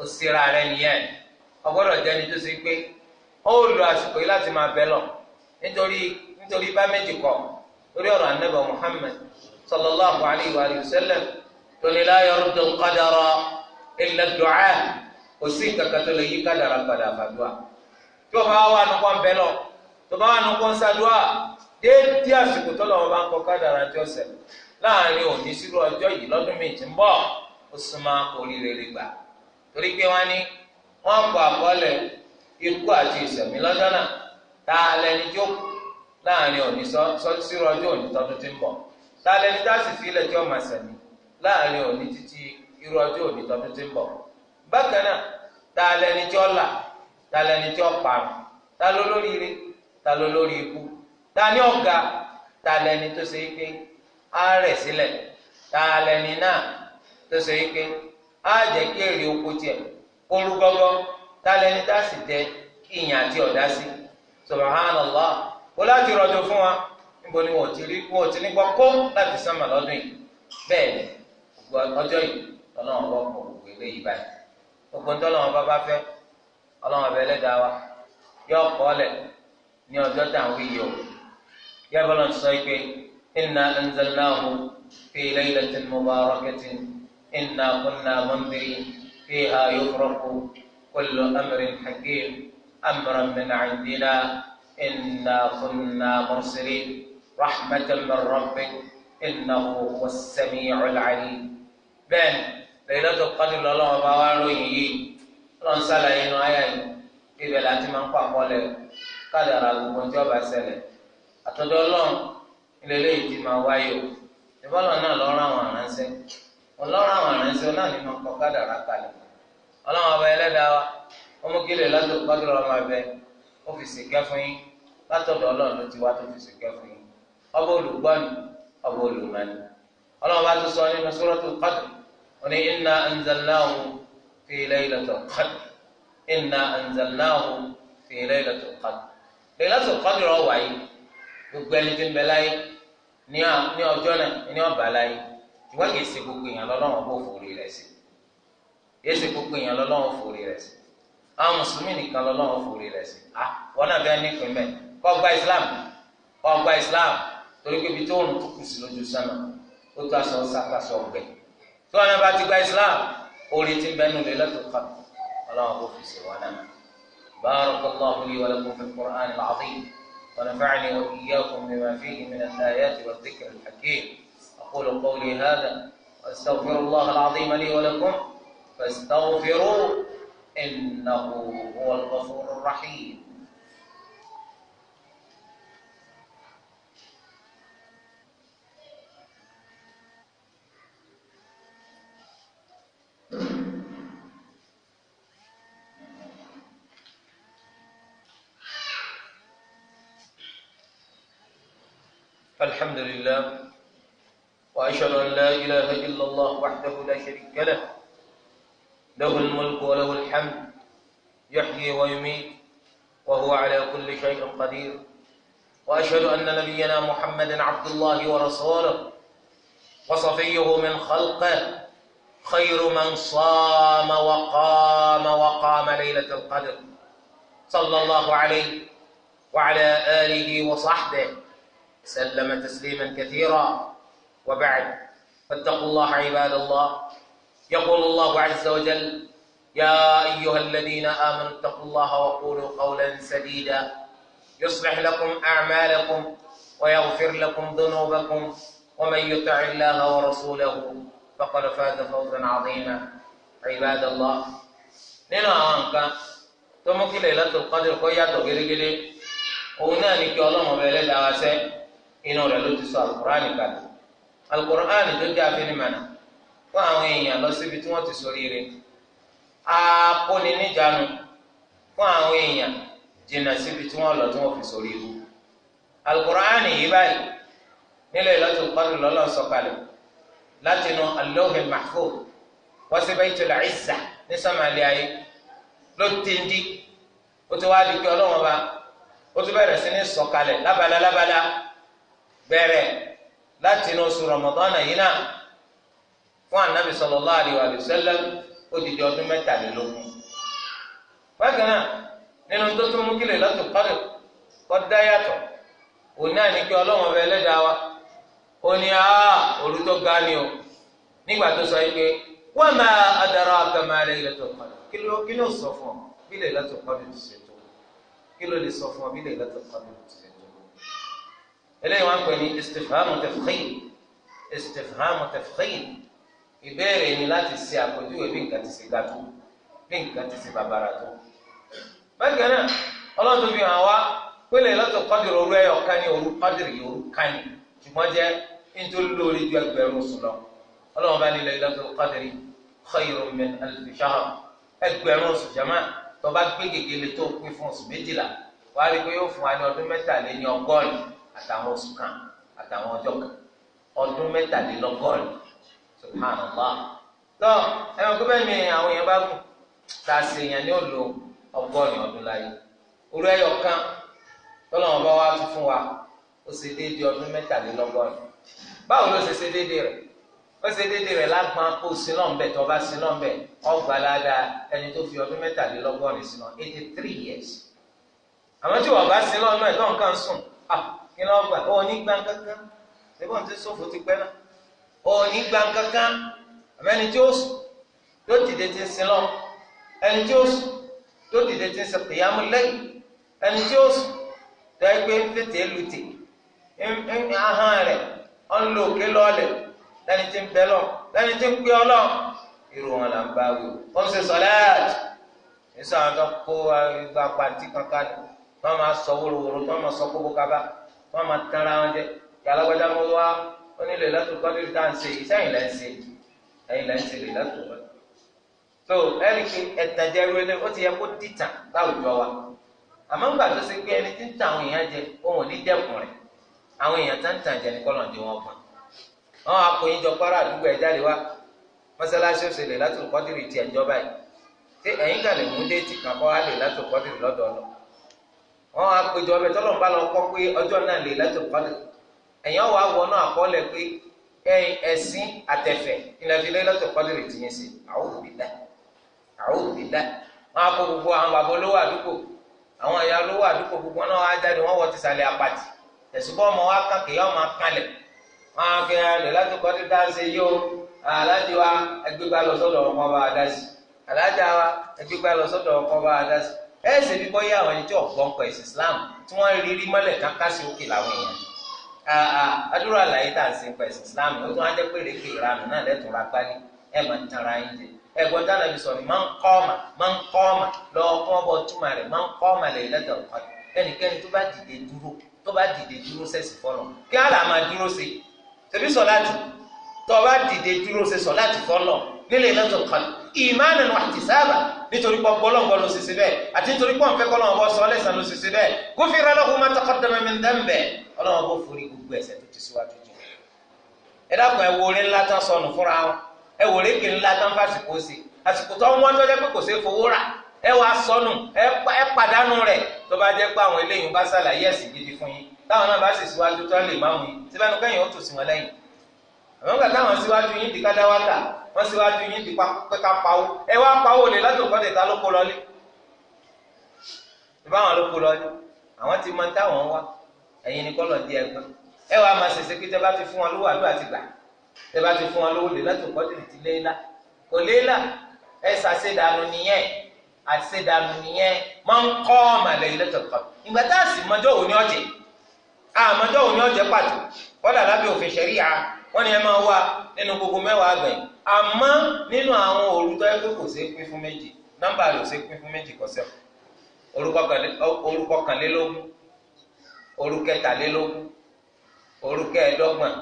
ó sera rẹ nìyẹn ọgbọ́dọ̀ jẹ́ni tó ṣe pé ó lo àsìkò yìí láti máa bẹ́ lọ nítorí nítorí bá méjì kọ̀ lórí ọ̀rọ̀ anábọ̀ Muhammad sallallahu alayhi wa sallam tóní láyọ̀ rúdò kádàrà ilẹ̀ dùcá kò sí kankan tó lè yí kádàrà padà fàdúrà tó bá wà nù kàn bẹ́ẹ̀ lọ tó bá wà nù kàn sàdúrà déédéé àsìkò tó lọ́wọ́ bá ń kọ kádàrà tí ó ṣẹ láàrin òní sírú ọjọ́ yìí lọ́dún méjì ń bọ̀ ó súnmọ́ orí rere gbà torí pé wọ́n ní wọ́n kọ àkọọ́lẹ̀ ikú àti ìṣẹ̀mí lọ́jọ́ náà tá a lẹni tó láàrin òní sírú ọjọ́ òní tọdún tí ń bọ̀ tá a lẹni tá sì fi ilẹ̀ tí ó máa ṣẹ̀mí láàrin òní títí irú ọjọ́ òní tọdún tí ń bọ̀ bákan ta lẹni tí ó là ta lẹni tí ó parun ta ló lórí ire ta ló lórí ikú ta ní ọ̀gá ta lẹni tó ṣe pé á sílẹ̀ ta lẹni náà tó ṣe pé á jẹ́ kí èrè oko tiẹ̀ gọ́gọ́ ta lẹni tá sì jẹ kí ìyìn àti ọ̀dá sí ọjọ́ yìí ọlọ́run bọ́ pọ̀ gbogbo eléyìí báyìí gbogbo nítorí ọlọ́run bá bá fẹ́ ọlọ́run ọbẹ̀ ẹlẹ́dàá wa yọ kọ́lẹ̀ ní ọjọ́ táwọn yìí o yẹ bọ́lá ń sọ pé inna anzalnahu fi laylatin mubarakatin inna kunna mundirin fiha yufraqu kullu amrin hakim amran min indina inna kunna mursilin rahmatan min rabbik innahu huwa as-sami'ul 'alim. bẹ́ẹ̀ lẹ́yìnlọ́tò kọ́dùn lọ́lọ́wọ́ bá wá ròyìn yìí lọ́n inú ayé yìí ibẹ̀ láti máa ń kọ́ àkọọ́lẹ̀ kádàrà gbogbo tí ọba ṣẹlẹ̀ àtọ́jọ́ ilé ti máa wáyé o ìbọ́lọ̀ náà lọ́rọ̀ àwọn aránṣẹ́ ọlọ́rọ̀ àwọn aránṣẹ́ náà ni máa ń kọ́ kádàrà kalẹ̀ wọn ni inna anzalnahu fi laylatul qadr inna anzalnahu fi laylatul qadr laylatul qadr rọ wáyé gbogbo ẹni tí ń bẹ láyé ní ọjọ́ náà ní ọba láyé ìwọ́n kì í ṣe gbogbo èèyàn lọ́lọ́wọ́n bó forí rẹ̀ sí yé ṣe gbogbo èèyàn lọ́lọ́wọ́n forí rẹ̀ sí àwọn mùsùlùmí nìkan lọ́lọ́wọ́n forí rẹ̀ sí wọn náà fẹ́ nípìn mẹ́ kọ́ gba islam kọ́ gba islam torí pé ibi tó ń tukù sí lójú sánà ó tó aṣọ sápá sọ ọgbẹ́ tí wọn náà bá ti gba islam orí ti bẹnu lè lẹtọ kàn Ọlọ́run kò fi ṣèwọ náà بارك الله لي ولكم في القرآن العظيم ونفعني وإياكم بما فيه من الآيات والذكر الحكيم أقول قولي هذا وأستغفر الله العظيم لي ولكم فاستغفروه إنه هو الغفور الرحيم الحمد لله وأشهد أن لا إله إلا الله وحده لا شريك له له الملك وله الحمد يحيي ويميت وهو على كل شيء قدير وأشهد أن نبينا محمدا عبد الله ورسوله وصفيه من خلقه خير من صام وقام وقام ليلة القدر صلى الله عليه وعلى آله وصحبه سلم تسليما كثيرا وبعد فاتقوا الله عباد الله يقول الله عز وجل يا ايها الذين امنوا اتقوا الله وقولوا قولا سديدا يصلح لكم اعمالكم ويغفر لكم ذنوبكم ومن يطع الله ورسوله فقد فاز فوزا عظيما عباد الله nínú انك تمك ليله القدر kí lè lọ́tò kọ́dìrì kó yàtọ̀ gidigidi inú rẹ̀ ló ti sọ alukur'an kalẹ̀ alukur'an tó jẹ́ afinimọ̀nà fún àwọn èèyàn lọ síbi tí wọ́n ti ṣoríire akóni níjànú fún àwọn èèyàn jìnnà síbi tí wọ́n lọ tí wọ́n fi ṣoríire alukur'an yìí báyìí nílẹ̀ lọ́tò kọ́tù lọ́lọ́ sọ̀kalẹ̀ látinú alóhùn mahfuz wọ́n sì bẹ́ẹ̀ ní sọ́màlì ayé ló ti ń di ó ti wá di pé ọlọ́wọ́n bá ó ti bẹ̀rẹ̀ sí ní sọ̀kalẹ̀ lábala lábala bẹ̀rẹ̀ láti inú oṣù Ramadan yìí náà fún anabi sallallahu alaihi wa sallam ó di di ọdún mẹ́tàlélógún bákan náà nínú tó tún mú kílè lọ́tò kọ́dọ̀ kọ́dá yàtọ̀ òun náà ní kí ọlọ́wọ́n ọbẹ̀ ẹlẹ́dàá wa ó ní a òru tó ga o nígbà tó sọ yìí pé wa ma adraka ma laylatul qadr kí ló sọ fún ọ bí lè lọ́tò kọ́dọ̀ ti ṣètò kí ló lè sọ fún ọ bí lè lọ́tò kọ́dọ̀ ti eléyìí wọ́n pè ní istifhamu tafkhim istifhamu tafkhim ìbéèrè ni láti ṣe àpèjúwe bí nǹkan ti ṣe ga tó bí nǹkan ti ṣe bàbàrà tó. bákan náà ọlọ́run fi hàn wá pélé lọ́tọ̀ kọ́dìrì òru ẹ̀yọ̀ kan ní òru kọ́dìrì yìí òru kan ní ṣùgbọ́n jẹ́ nítorí lórí ju ẹgbẹ̀rún sùn lọ ọlọ́run bá nílẹ̀ lọ́tọ̀ kọ́dìrì khayrun min alfi shahr ẹgbẹ̀rún sùn jama tó bá tó pín fún oṣù méjìlá wàá rí i pé yóò fún wa ní ọdún mẹ́tàléní ọgọ́rin àtàwọn oṣù kan àtàwọn ọjọ́ kan ọdún mẹ́tàlélọ́gọ́rin subhanallah tó ẹ̀wọ̀n kó bẹ́ẹ̀ mi àwọn èèyàn bá gùn tá a sì èèyàn ní òòlù ọgọ́rin ọdún láyé orí ẹ̀yọ̀ kan tọ́lọ́wọ́n bá wá tún fún wa ó ṣe déédéé ọdún mẹ́tàlélọ́gọ́rin báwo ló ṣe ṣe déédéé rẹ̀ ó ṣe déédéé rẹ̀ lágbọ́n kó sinọ́ ń bẹ̀ tó bá sinọ́ ń bẹ̀ ọgbà ládàá ẹni tó fi ọdún mẹ́tàlélọ́gọ́rin sinọ́ eighty three years àmọ́ tí wọ́n bá sinọ́ náà ẹ̀ tó nǹkan sùn ah kí ló gbà ó ní gbà kankan ṣébọ̀ ní ti sófò ti pẹ́ náà ó ní gbà kankan àmẹ́ni tí ó sùn tó dìde ti sin lọ ẹni tí ó sùn tó dìde ti sin kìyàmù lẹ́yìn ẹni tí ó sùn tó ẹ gbé fètè lùtè ahọ́n rẹ̀ ọ̀n lò ké lọ́ọ̀lẹ̀ lẹ́ni tí ń bẹ lọ lẹ́ni tí ń pé ọ lọ irú wọn là ń bá wí ó ń ṣe sọlẹ́ẹ̀tì ní sọ àwọn tó kó ipa pàǹtí kankan ni máa sọ wóróworó wọ́n máa sọ kókó kaba wọ́n máa tẹ́ra wọn jẹ gbalagbadza mọ wá ó ní lèlẹ́tò kọ́dé tá à ń ṣe ìsẹ́yìn lẹ́ ń ṣe ẹ̀yìn lẹ́ ń ṣe lèlẹ́tò kọ́dé. so ẹ̀ríkì ẹ̀tàjẹ́ ru ẹlẹ́ ó ti yẹ kó dìtà láwùjọ wa àmọ́ ńgbà tó ṣe pé ẹni tí ń ta àwọn èèyàn jẹ òun ò ní dẹ́kun rẹ̀ àwọn èèyàn tá ń tàn jẹ ní kọ́lọ̀ dín wọn pọ̀ àwọn akóyinjọ para àdúgbò ẹ̀ jáde wá mọ́sálásí ó ṣe lèlẹ́tò kọ́dé ti ẹ̀jọba yìí ṣé ẹ̀yin kà lè mú déètì kan kọ́ á lèlẹ́tò kọ́dé lọ́dọọdọ wọn á péjọ ọbẹ tọlọ ń bá lọ kọ pé ọjọ́ náà lè lẹtọ kọlẹ ẹyìn ọwọ àwọn pé ẹyìn ẹsìn àtẹfẹ lẹtọ kọlẹ rẹ sí wọn gbogbo àwọn bàbá olówó àdúgbò àwọn ẹyà olówó àdúgbò gbogbo náà á jáde wọn wọ tìsàlẹ̀ àpàtì tẹsùbọ ọmọ wa kàn kéèyàn máa lẹtọ kọlẹ dá ṣe a ẹ ṣe bí bọ́yá àwọn ẹni tí ọ̀gbọ́n kọ ẹ̀sìn Islam tí wọ́n rí rí mọ́lẹ̀ kan káṣí òkè làwọn èèyàn àdúrà àlàyé tá à ń sin kọ ẹ̀sìn Islam ó tún á jẹ́ pé rèéké ìranù náà lẹ́tùn ra gbálí ẹ̀ máa ń tanra ẹ̀ jẹ ẹ̀gbọ́n dáná bí sọ̀rọ̀ máa ń kọ́ ọ̀mà máa ń kọ́ ọ̀mà lọ́ọ́ kọ́ ọ̀bọ̀ túmọ̀ rẹ̀ máa ń kọ́ ọ̀mà lẹ́yìn lẹ́tọ̀ ọ̀kọ́ ẹnikẹ́ni tó bá dìde dúró tó bá dìde dúró sẹ́sì fọlọ́ kí á là máa dúró ṣe tẹ̀bí sọ̀ láti tó bá dìde dúró ṣe sọ̀ láti fọlọ́ lílẹ̀ lọ́tò kan ìmáàna ní wàhálà ti sábà nítorí pọ̀ gbọ́lọ́ngbọ́ ló ṣe ṣe bẹ́ẹ̀ àti nítorí pọ̀ nfẹ́ kọ́lọ́n ọ̀bọ sọ lẹ́sàn ló ṣe ṣe bẹ́ẹ̀ gufira lahu ma taqaddama min dhanbi ọlọ́wọ́n bó forí gbogbo ẹ̀ṣẹ̀ tó ti síwájú jù. ẹ dákun ẹ wòlé ńlá tán sọnù fúnra wọn ẹ wòlé kiri ńlá tán fásitì ṣe àsìkò tó ń wọ́n tó jẹ́ pé kò ṣeé fowó rà ẹ wàá sọnù ẹ pàdánù rẹ̀ tó bá jẹ́ pé àwọn eléyìí bá ṣàlàyé ẹ̀sìn gidi fún yín táwọn náà bá sì síwájú tó lè máa wù yín síbẹ̀ nìkan yìí ó tò sí wọn lẹ́yìn àwọn gbàgbọ́ àwọn síwájú yín ti wọ́n síwájú yín ti pé ká pawó ẹ wá pawó lè látò kọ́ lè ta ló kó lọlé ìbáwọn ló kó lọlé àwọn ti mọ táwọn wá ẹ̀yin ni kọ́lọ̀ di ẹgbẹ́ ẹ wá máa ṣẹ̀ṣẹ̀ pé tẹ́ bá ti fún wọn lówó àdúrà ti gbà tẹ́ bá ti fún wọn lówó lè látò kọ́ lè ti lé kò lé ẹ ṣàṣedànù nìyẹn àṣedànù nìyẹn máa ń kọ́ ọ̀màlẹ̀ ìlẹ́tọ̀kọ́ ìgbà tá àmọ́jọ́ òní ọ̀jẹ̀ pàtó kọ́dà lábẹ́ òfin ṣẹ̀ríyà wọ́n ní ẹ máa wá nínú gbogbo mẹ́wàá gbẹ̀yìn àmọ́ nínú àwọn òru tó yẹ pé kò ṣeé pín fún méjì nọ́mbà rẹ̀ ò ṣeé pín fún méjì kò sẹ́kù òru kọkànlélógún òru kẹtàlélógún òru kẹẹ̀ẹ́dọ́gbọ̀n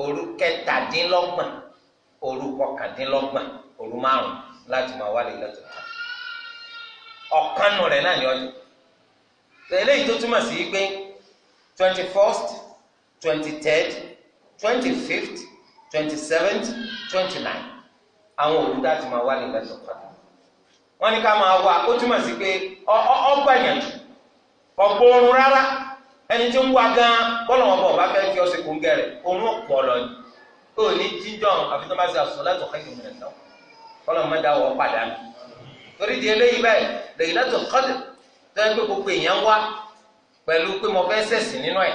òru kẹtàdínlọ́gbọ̀n òru kọkàndínlọ́gbọ̀n òru márùn láti máa wálé lọ́tọ̀ kan ọ̀kanù rẹ̀ náà ni ọjọ́ eléyìí tó túmọ̀ sí pé twenty first twenty third twenty fifth twenty seventh twenty nine àwọn olùdá ti máa wá ní lẹ́tọ̀ padà wọ́n ní ká máa wá ó túmọ̀ sí pé ọgbàyànjú ọgbọ́ọ̀rùn rárá ẹni tí ń wá gan bọ́lọ̀ wọn bọ̀ bá fẹ́ fi ọ̀sẹ̀ kò ń gẹ̀rẹ̀ òun ọ̀pọ̀ lọ ni ó ní jíjọ́ àfi tó bá ṣe àṣọ látọ̀ kẹ́kẹ́ mi lẹ́tọ̀ bọ́lọ̀ mọ́ da wọ́ padà mi torí di eléyìí báyìí lẹ́yìn látọ̀ kọ́dẹ̀ tó ń gbé gbogbo èèyàn wá pẹ̀lú pé mo fẹ́ sẹ̀sìn nínú ẹ̀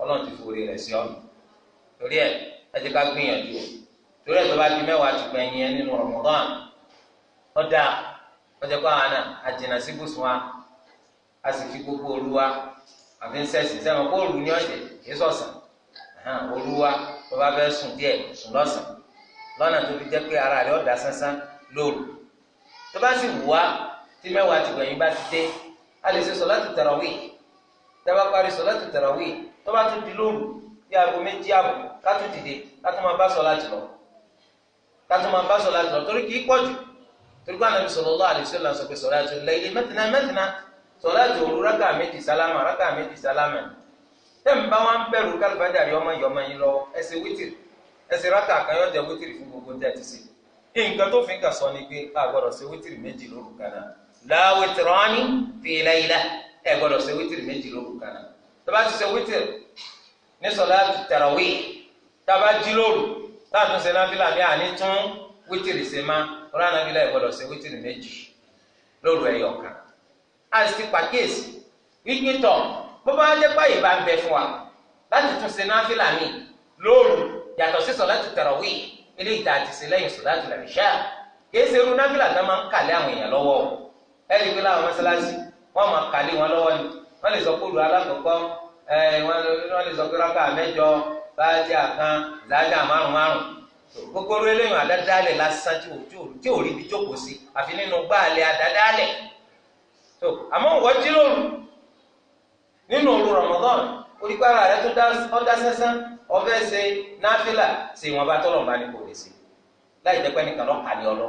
ọlọ́run ti forí rẹ̀ sí ọ̀nà torí ẹ̀ ẹ jẹ́ ká gbìyànjú o torí ẹ̀ tó bá di mẹ́wàá ti gbẹ̀yìn ẹ nínú Ramadan ọ̀dà ọjọ́ pé àwọn àjìnà sí bùsùn wa a sì fi gbogbo òru wa àfi ń sẹ́sìn sẹ́wọ̀n kó òru ní ọ̀jẹ̀ yìí sọ̀sán òru wa tó bá fẹ́ sùn díẹ̀ sùn lọ́sàn lọ́nà tó fi jẹ́ pé ara rẹ̀ ọ̀dà sánsán lóru tó bá sì wù wá tí mẹ́wàá ti gbẹ̀yìn bá ti dé a lè ṣe sọ̀látù tarawih tá a bá parí sọ̀látù tarawih tó bá tún di lóru bí aago méjì ààbò ká tún dìde ká tún máa bá sọ láti lọ ká tún máa bá sọ láti lọ torí kì í pọ̀ jù torí pé Ànábì sallallahu alaihi wasallam sọ pé salatu layli matna matna salatu òru rákà méjì sálámà rákà méjì sálámà tẹ́ǹbá wa bẹ̀rù kálífàjà ọmọ ìyọmọ yín lọ ẹsẹ̀ wítìrì ẹsẹ̀ rákà kan wítìrì fún gbogbo ní ẹtì nǹkan tó fi kà sọ ni pé a gbọ́dọ̀ ṣe wítìrì méjì lóru kan náà la witrani fi layla ẹ gbọ́dọ̀ ṣe wítìrì méjì lóru kan tọ́ba ti ṣe wítìrì ní sọ̀lá tàràwí tọ́ba jí lóru táàtún ṣe ní àní tún wítìrì ṣe má ọ̀rọ̀ ànábìlà ìgbọ́dọ̀ ṣe wítìrì méjì lóru ẹ̀yọ̀ kan a sì ti pàkíyèsí wípé tọ̀ bó bá jẹ́ báyìí bá ń bẹ fún wa láti tún mi lóru yàtọ̀ sí ilé ìta àti wọ́n lè sọ pé olùwà alákọ̀ọ́kọ́ wọ́n lè sọ pé rákà báyìí àkàn ìdájà márùn márùn kókóró eléyìn àdádálẹ̀ lásán tí ò rí ibi jókòó sí àfi nínú gbáàlẹ̀ àdádálẹ̀ tó àmọ́ wọ́n jíròrò nínú òru Ramadan rẹ tó dá sẹ́sán ọbẹ̀ ṣe náfìlà ṣe ìwọ̀n bá tọ́lọ̀ bá ní kò lè ṣe láì jẹ́ nìkan ọlọ́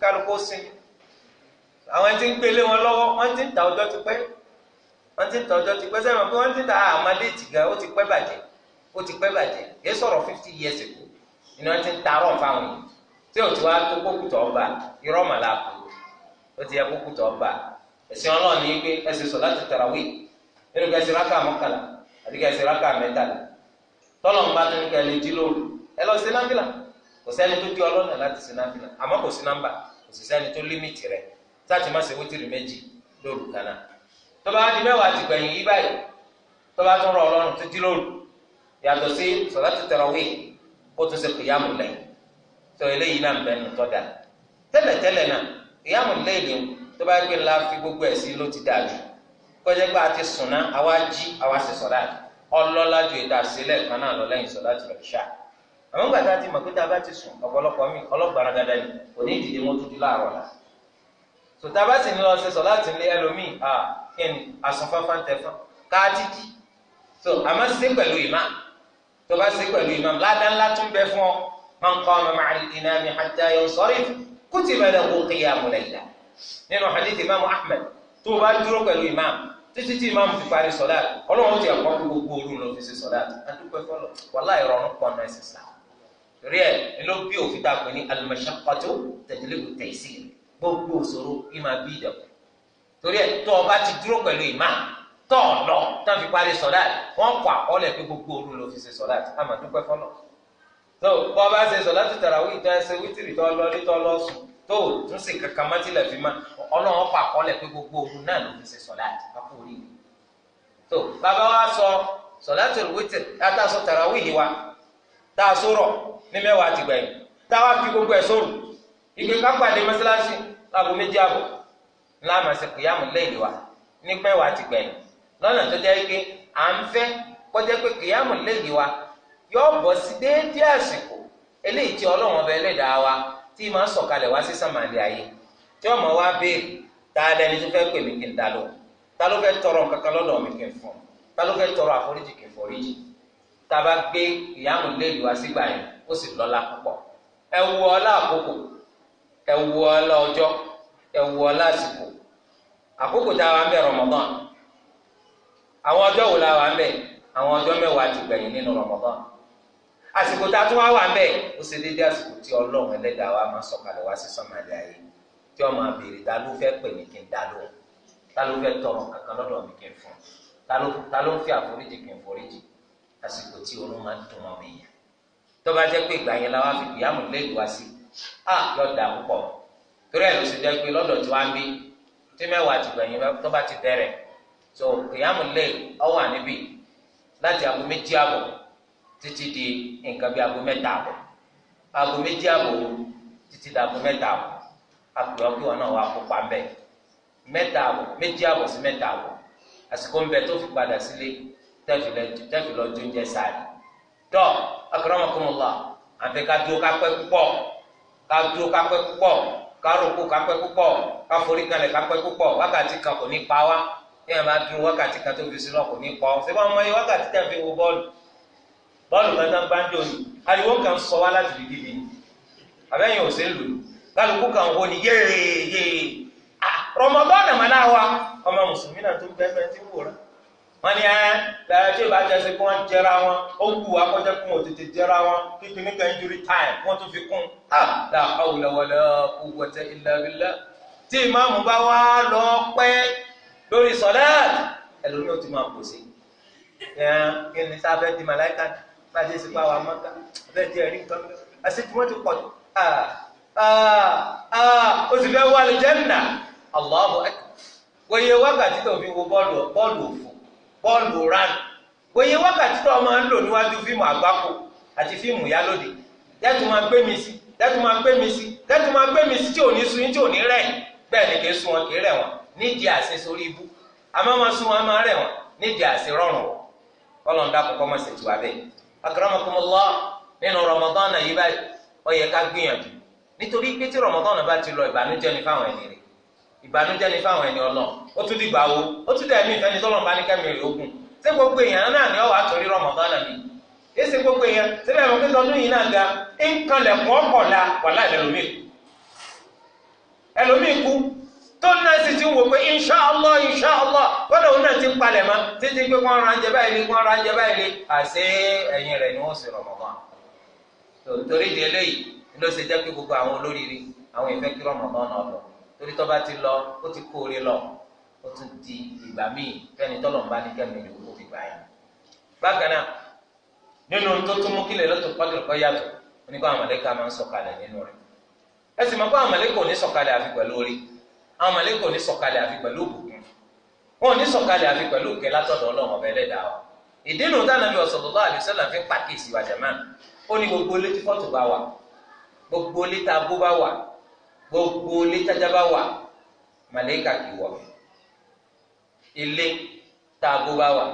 kálukú sin àwọn tí ń gbélé wọn lọ́wọ́ wọ́n ti ń ta ọjọ́ ti pẹ́ wọ́n ti ń ta ọjọ́ ti pẹ́ sẹ́wọ̀n pé wọ́n ti ń ta àmàléètì ah, gan ó ti pẹ́ bàjẹ́ ó ti pẹ́ bàjẹ́ kì í sọ̀rọ̀ fifty years ago ni wọ́n ti ń tarọ̀ fáwọn yìí tí o ti wá tó kókùtọ̀ ọba irọ́ mà la kù o ti yẹ kókùtọ̀ ọba ẹ̀sìn ọlọ́run ní pé ẹ̀sìn sọ̀lá ti tarawí nínú kẹsì rákà mọ́kànlá àti kẹsì rákà mẹ́tàlá tọ́lọ̀ ń bá tó ń kẹ́lẹ́ dí lóru ẹ lọ sí náfìlà kò sẹ́ni tó di ọlọ́nà láti sin náfìlà àmọ́ kò sí nọ́mbà kò sì sẹ́ni tó límìtì rẹ̀ sáàtì má ṣe wítìrì méjì lóru kan náà tó bá di mẹ́wàá ti gbẹ̀yìn yí báyìí tó bá tún rọ ọlọ́run tó di lóru yàtọ̀ sí sọ̀láti tarawih ó tún ṣe kìyàmù lẹ́yìn tó eléyìí náà ń bẹ nù tọ́da tẹ́lẹ̀tẹ́lẹ̀ náà kìyàmù lẹ́yìn tó bá gbé ńlá fi gbogbo ẹ̀ sí ló ti dà jù kọjá pé ti sùn náà àwa jí àwa sì sọ̀rọ̀ ọlọ́lá ju ìdásílẹ̀ kan náà lọ lẹ́yìn sọ̀rọ̀ àti ìṣá àwọn gbàtà ti mọ̀ pé tá a bá ti sùn ọ̀pọ̀lọpọ̀ mi ọlọ́gbàrá gada ni kò ní ìdílé mọ́tò di láàárọ̀ la so tá a bá sì ní lọ ṣe sọ láti lé ẹlòmíì à kí ni àsùnfáfá ń tẹfán káàdìkì so àmọ́ ṣe pẹ̀lú imam tó bá ṣe pẹ̀lú imam ládàá ńlá tún bẹ fún ọ máa ń kọ́ ọmọ màá iná mi hatta yansarif kutiba lahu qiyamu layla nínú hadith imam ahmed tó o bá dúró pẹ̀lú imam títí tí imam fi parí sọ̀dá ọlọ́run ti ẹ̀kọ́ gbogbo orun lọ fi ṣe sọ̀dá adúpẹ́ fọlọ́ wàláì rọrùn pọ̀ náà ẹ̀sìn sáà torí ẹ̀ ló bí òfin tá a pè ní al-mashaqqatu tajlibu at-taysir gbogbo òṣòro kí máa bí ìdẹ̀kùn torí ẹ̀ tó o bá ti dúró pẹ̀lú ìmáà tó o lọ tó o fi parí sọ̀dáàtì wọ́n kọ àkọọ́lẹ̀ pé gbogbo òru ló fi ṣe sọ̀dáàtì á máa dúpẹ́ fọ́lọ́ tó bọ́ bá ṣe sọ̀dáàtì tàràwí tó ẹ ṣe wítìrì tó lọ ní lọ sùn tó o tún sì kankan má tilẹ̀ fi má ọlọ́run kọ àkọọ́lẹ̀ pé gbogbo òru náà ló fi ṣe sọ̀dáàtì kápò orí mi tó bàbá wa sọ sọ̀dáàtì wítìrì látàṣọ tàràwí taa a sọ̀rọ̀ ní mẹ́wàá àtìgbà yìí tá a wá fi gbogbo ẹ̀ sọ̀rọ̀ ìgbè kápàdé mọ́sálásí láago méjì àbọ̀ láàmà sí kìyàmù wa ní mẹ́wàá àtìgbà yìí lọ́nà tó jẹ́ pé à ń kọjá pé wa yọ sí déédéé àsìkò eléyìí tí wa tí ì máa wá sí sàmàlì ayé tí ọmọ wa béèrè a lẹni tó pè mí kí n dá tọrọ mi kí n taba gbé ìyáàmù léèlì wá sígbà yẹn ó sì lọ́lá púpọ̀ ẹ wù ọlá àkókò ẹ wù ọlá ọjọ́ ẹ wù ọlá àsìkò àkókò tá a wà ń bẹ Ramadan àwọn ọjọ́ wo la wà ń bẹ àwọn ọjọ́ mẹ́wàá ti gbẹ̀yìn nínú Ramadan àsìkò tá a tún wá wà ń bẹ ó ṣe déédé àsìkò tí Ọlọ́run Ẹlẹ́dàá wa máa sọ̀kalẹ̀ wá sí sọmọlẹ ayé tí ọmọ àbèrè ta ló fẹ́ pè mí kí n dá lóhùn ta ló fẹ́ tọrọ kankan lọ́dọ̀ mi kí n fún ta ló fi àforíjì kí n foríjì àsìkò tí oorun máa ń dùn mọ́ mi yẹn tó bá jẹ́ pé ìgbà yẹn la wá fi kìyàmù léèlú wá sí a yọ da púpọ̀ torí ẹ̀ ló ṣe jẹ́ pé lọ́dọ̀ tí wá ń bí tí mẹ́wàá ti gbẹ̀yìn tó bá ti bẹ̀rẹ̀ so kìyàmù léèlú ọ wà níbí láti aago méjì àbọ̀ títí di nǹkan bí aago mẹ́ta àbọ̀ aago méjì àbọ̀ títí di aago mẹ́ta àbọ̀ àpè ọ́ kí wọn náà wà kópa ń mẹ́ta àbọ̀ méjì àbọ̀ sí mẹ́ta àbọ̀ àsìkò ń bẹ tó fi padà sílé tẹ́fì lọ ju oúnjẹ sáré tọ́ akramakumullah àfi ká dúró ká pẹ́ púpọ̀ ká dúró ká pẹ́ púpọ̀ ká rògbò ká pẹ́ púpọ̀ ká forí kanlẹ̀ ká pẹ́ púpọ̀ wákàtí kan kò ní pa wá kí ẹ máa dúró wákàtí kan tó fi sílọ̀ kò ní pa ọ́ ṣé wọ́n mọ iye wákàtí tẹ̀ fi wo bọ́ọ̀lù bọ́ọ̀lù kan tán bá ń jò ní ariwo kan sọ wá láti bìbí ni àbẹ́yìn ò sí lù ní kálukú kan wo ni yéèyé ah, Ramadan àmàlà wa ọmọ mùsùlùmí náà tó gbẹ́gbẹ́ tí ń wòran wọ́n ní ẹ́ bẹ̀rẹ̀ tí ìbá jẹ́ sí kí wọ́n jẹra wọn ó wù wá kọjá kí wọ́n tètè jẹra wọn kí kìíní kan injury time wọ́n tún fi kún la hawla wala quwwata illa billah tí ìmáàmù bá wá lọ pẹ́ lórí sọ̀láàtì ẹlòmíì ò ti máa pò sí kí ni sábẹ́ di màláìka bá jẹ́ sí pàwọ́ amọ́ta bẹ́ẹ̀ di ẹ̀rí nǹkan bẹ́ẹ̀ àti tí wọ́n ti pọ̀ jù ó fẹ́ wọ aljanna Allahu akbar Paul Moran oye wákàtí tó máa ń lò níwájú fíìmù àgbákò àti fíìmù yálòdì tẹ́tù máa gbé mi sí tẹ́tù máa gbé mi sí tẹ́tù máa gbé mi sí tí ò ní sun yín tí ò ní rẹ̀ bẹ́ẹ̀ ni kì í sun wọn kì í rẹ̀ wọn nídìí àṣẹ sórí ibú àmọ́ máa sun wọn máa rẹ̀ wọn nídìí àṣẹ rọrùn wọn Ọlọ́run dákun kọ́ mọ̀ ṣètò abẹ́ akramakumullah nínú Ramadan yìí báyìí ó yẹ ká gbìyànjú nítorí pé Ramadan bá ti lọ ìbànújẹ́ ni fáwọn ẹni rẹ̀ ìbànújẹ́ ni fáwọn ẹni ọlọ ó tún dìgbà wo ó tún dẹ̀ mí ìfẹ́ni tọ́lọ̀ bá ní kẹ́mìrì ogun ṣé gbogbo èèyàn náà ni ọwọ́ àtúrí Ramadan mi èsì gbogbo èèyàn síbẹ̀ yìí náà ga la kú kú tó náà sì ti wò pé wọ́n náà ti palẹ̀ mọ́ títí pé wọ́n ra báyìí wọ́n ra báyìí ẹ̀yìn rẹ̀ ni wọ́n torí tó bá ti lọ ó ti kóore lọ ó tún di ìgbà míì fẹ́ni tọ́lọ̀ ń bá ní kẹ́mi ìlú ó ti gbà yẹn. bákan náà nínú tó tún mú kílẹ̀ lọ́tò pọ́kìlọ́kọ́ yàtọ̀ oníkó àwọn mọ̀lẹ́kà máa ń sọ̀kalẹ̀ nínú rẹ̀ ẹ sì mọ̀ pé àwọn mọ̀lẹ́kà ò ní sọ̀kalẹ̀ àfi pẹ̀lú orí àwọn mọ̀lẹ́kà ò ní sọ̀kalẹ̀ àfi pẹ̀lú òbùkún wọn ò ní sọ̀kalẹ̀ àfi pẹ̀lú òkè látọ̀dọ̀ ọlọ́run ọ̀bẹ ẹlẹ́dàá wa ìdínú tánàbí ọ̀sọ̀lọ́lá àdìsọ́là fi pàkíyèsí wa jàmáà ó ní gbogbo létí fọ́tò bá wà gbogbo létí abó bá wà gbogbo ilé tájábá wà màlẹ́kà kì í wọ̀ ilé táago bá wà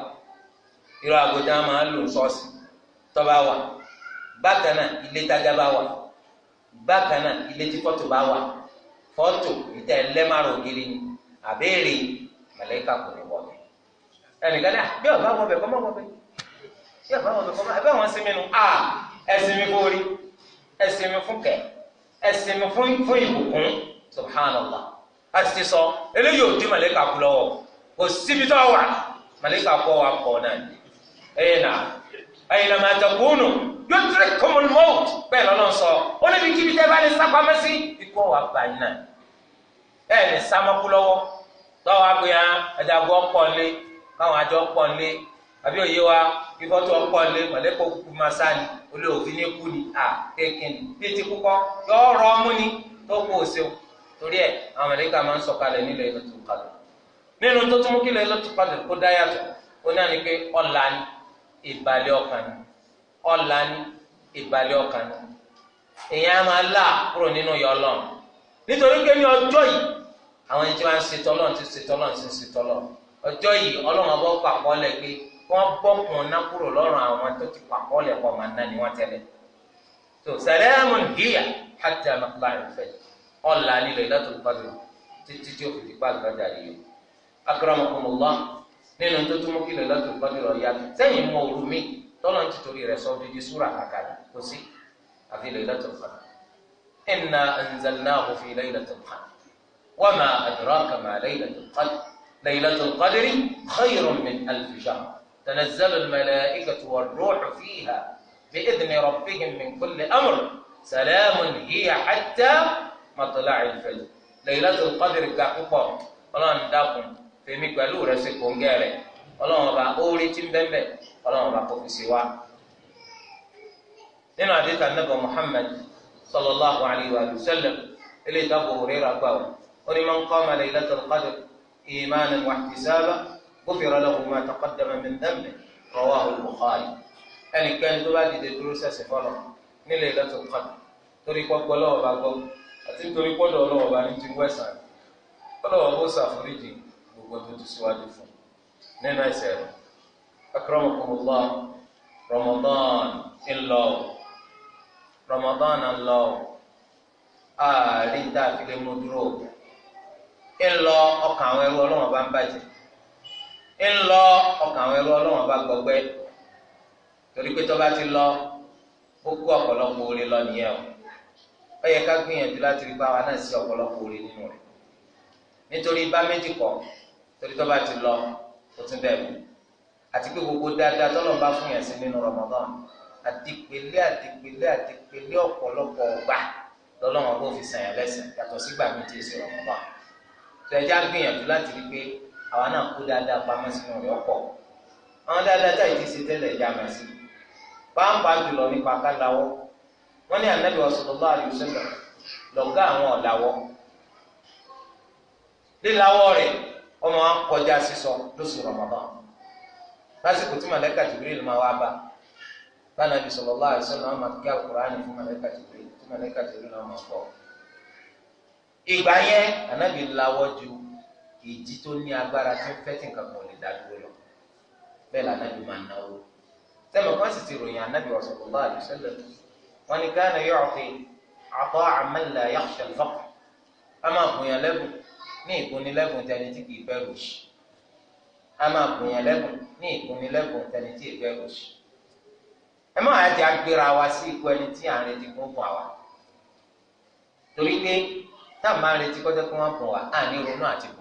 irú aago tí wọ́n máa ń lò sọ́ọ̀sì tọ́ba wà bákan náà ilé tájábá wà bákan náà ilé tí fọ́tò bá wà fọ́tò ìtẹ̀ ẹlẹ́màrún ògiri ni àbẹ́ẹ̀rẹ̀ màlẹ́kà kò ní wọ̀ mi ẹnìkan náà bí ọba wọn bẹ kọ́ mọ́ wọn bẹ bí ọba wọn bẹ kọ́ mọ́ ẹ bá wọn sinmi nu a ẹ sinmi kórìí ẹ sinmi fún kẹ́ẹ̀. ẹ̀sìn fún fún ìbùkún subhanallah a ti sọ eléyìí ò dín màlẹ́kà kú lọ́wọ́ kò síbi tó wà màlẹ́kà wa náà ni ẹ̀yìn náà ẹ̀yìn náà máa yóò tẹ̀lé bẹ́ẹ̀ lọ́nà sọ ó níbi kíbi tẹ́ wa bá yín náà ẹ̀ lọ́wọ́ ah, káwọn àjọ àbí òye wa olè òfin ní kú ni à kékin bí ti kú kọ́ yọ ọ̀rọ̀ ọmú ni tó kú òsèw torí ẹ̀ àwọn mẹ̀lẹ́kà máa ń sọ̀kalẹ̀ nílẹ̀ ilẹ̀ tó kalẹ̀ nínú tó tún mú kí ilẹ̀ tó kalẹ̀ kó dáyàtọ̀ ó náà ní pé ọ̀la ni ìbàlẹ̀ ọkàn ni ọ̀la ni ìbàlẹ̀ ọkàn ni èèyàn á máa là kúrò nínú yọ ọlọ́run nítorí pé ní ọjọ́ yìí àwọn ẹni tí wọ́n ń ṣe tọ́lọ́run ti ṣe tọ́lọ́run ti ṣe tọ́lọ́run ọjọ́ yìí ọlọ́run ọba ọkọ̀ àkọọ́lẹ̀ pé wọ́n bọ́kùn ná kúrò lọ́rùn àwọn tó ti pàkọ́ lẹ̀ pọ̀ máa ná ni wọ́n tẹ́lẹ̀ tó salamun hiya hatta matla'il fajr ọ̀là nílò Lailatul Qadr títí tí ó fi di pàlù lọ́jà yìí akramakumullah nínú tó tún mú kí Lailatul Qadr ọ̀yà sẹ́yìn mọ òru mi tọ́lọ́ ti torí rẹ̀ sọ dídí súrà kàkàrà kò sí àfi Lailatul Qadr inna anzalnahu fi تنزل الملائكة والروح فيها بإذن ربهم من كل أمر سلام هي حتى مطلع الفجر ليلة القدر كاكوكو ọlọ́run dákun fèmí pẹ̀lú rẹ̀ ṣe kòńgẹ́ rẹ̀ ọlọ́run ọba orí tí ń bẹ́ẹ̀ ọlọ́run ọba kò fi sí wa. nínú àdéhùn anábọ̀ muhammed sallallahu alayhi wa sallam ilé ìtàkùn òrèrè àgbà wọn ó ní man qama laylatul qadr imanan wa ihtisaban. غفر له ما تقدم من ذنبه رواه البخاري ẹnikẹ́ni tó bá dìde dúró sẹ̀sẹ̀ fọlọ́ nílẹ̀ ìlẹ́tọ̀ kọ́tà torí pọ́pọ́ lọ́wọ́ bá gbọ́ àti nítorí pọ́dọ̀ lọ́wọ́ bá ní ti wẹ̀sán ọlọ́wọ́ bó ṣàforíjì gbogbo tó ti síwájú fún nínú ẹsẹ̀ rẹ̀ akramakumullah Ramadan ńlọ Ramadan ńlọ ààrin tá a fi lè mú dúró ńlọ ọkàn àwọn ẹrú ọlọ́wọ́ bá ń bàjẹ́ ń lọ ọkàn àwọn ẹrú ọlọ́wọ́n bá gbọgbẹ́ torí pé tó bá ti lọ ó kó ọ̀pọ̀lọpọ̀ oore lọ nìyẹn o ó yẹ ká gbìyànjú láti rí báwa náà sí ọ̀pọ̀lọpọ̀ oore nínú rẹ̀ nítorí bá méjì kọ̀ torí tó bá ti lọ ó tún bẹ̀rù àti pé gbogbo dáadáa tọ́lọ̀ bá fún yẹn sí nínú Ramadan àdìpẹ̀lẹ́ àdìpẹ̀lẹ́ àdìpẹ̀lẹ́ ọ̀pọ̀lọpọ̀ ọgbà lọ́lọ́wọ́n bó fi sàn yẹn lẹ́sẹ̀ yàtọ̀ sígbà méjì sí Ramadan tó ẹjá gbìyànjú láti rí pé àwa náà kó dáadáa pamọ́ sínú rẹ̀ ọ̀pọ̀ àwọn dáadáa táyì ti ṣe tẹ́lẹ̀ ìyá máa sí pàápàá jùlọ nípa káláwọ́ wọ́n ní ànábì sallallahu alaihi wasallam lọ́gá àwọn ọ̀làwọ́ líláwọ́ rẹ̀ ọmọ wa kọjá sísọ lóṣù Ramadan lásìkò tí màlẹ́kà Jibril máa wá bá bánabi sallallahu alaihi wasallam máa kí Al-Qur'ani fún màlẹ́kà Jibril tí màlẹ́kà Jibril náà máa kọ́ ìjì tó ní agbára tó ń fẹ́ tí nǹkan kan ò lè dá dúró lọ bẹ́ẹ̀ la nàbì máa náwó sẹ́mi kan sì ti ròyìn ànábì sallallahu alaihi wasallam wọn ni kana yu'ti ata'a man la yakhsha al-faqr a máa bùnyàn lẹ́bùn ní ìbùnilẹ́bùn tẹni tí kì í bẹ̀rù òṣì a máa bùnyàn lẹ́bùn ní ìbùnilẹ́bùn tẹni tí kì í bẹ̀rù òṣì ẹ má wàá jẹ́ agbéra wa sí ikú ẹni tí à ń retí kó bùn àwa torí pé táà máa retí kọ́jọ́ kí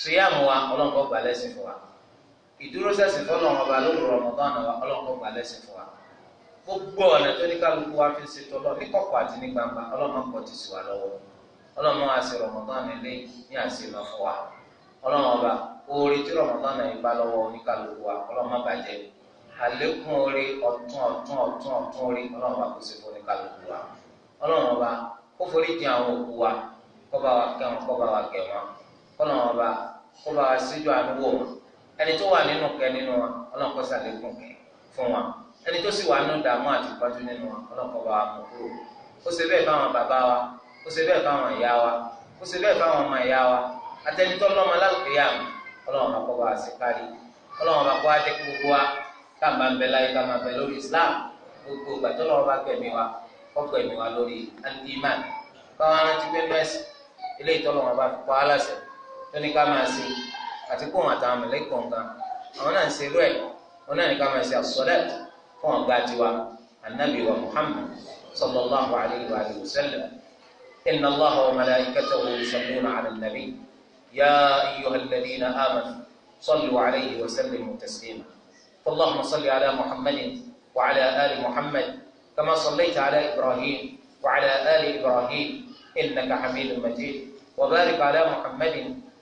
síyàmù wa ọlọ́nkọ́ gbà lẹ́sìn fún wa ìdúróṣẹ́sìn fọlọ́run ọba lóru Ramadan wa ọlọ́nkọ́ gbà lẹ́sìn fún wa gbogbo ọ̀nà tó ní kálukú wa fi ṣe tọ́lọ́ ní kọ̀kọ̀ àti ní gbangba ọlọ́mọ pọ̀ ti sì wà lọ́wọ́ ọlọ́mọ àṣẹ Ramadan ilé ní àṣẹ lọ fún wa ọlọ́mọ ọba oore tí Ramadan yìí bá lọ́wọ́ ní kálukú wa ọlọ́mọ bàjẹ́ àlékún oore ọ̀tún ọ̀tún ọ̀tún ọ̀tún kọ́nà ọba kó bá wa síjú àánú wò wọ́n ẹni tó wà nínú kẹ nínú wa ọlọ́run kó ṣàlékún kẹ fún wa ẹni tó sì wà nínú dààmú àti ìpọ́njú nínú wa ọlọ́run kó bá wa mú kúrò ó ṣe bẹ́ẹ̀ fáwọn bàbá wa ó ṣe bẹ́ẹ̀ fáwọn ìyá wa ó ṣe bẹ́ẹ̀ fáwọn ọmọ ìyá wa atẹnitọ́ lọ́mọ lálùkìyàmù ọlọ́run bá kó bá wa sí kárí ọlọ́run bá kó wa gbogbo wa ká máa bẹ láyé ká máa bẹ lórí Islam gbogbo ìgbà tó lọ́wọ́ bá gbẹ̀mí wa kọ́ gbẹ̀mí wa lórí andiman báwa rántí pé mẹ́sì eléyìí bá fi kọ́ aláṣẹ tó ní ká máa ṣe àti kó wọn àtàwọn mọ̀lẹ́kọ̀ọ́ nǹkan àwọn náà ń ṣe irú ẹ̀ wọn náà ní ká máa ṣe àsọlẹ̀ fún ọ̀gá tiwa anabi wa muhammad sallallahu alayhi wa sallam inna allah wa malaikatahu yusalluna ala nabi ya ayyuha alladhina amanu sallu alayhi wa sallimu taslima allahumma salli ala muhammadin wa ala ali muhammad kama sallaita ala ibrahim wa ala ali ibrahim innaka hamidun majid wa barik ala muhammadin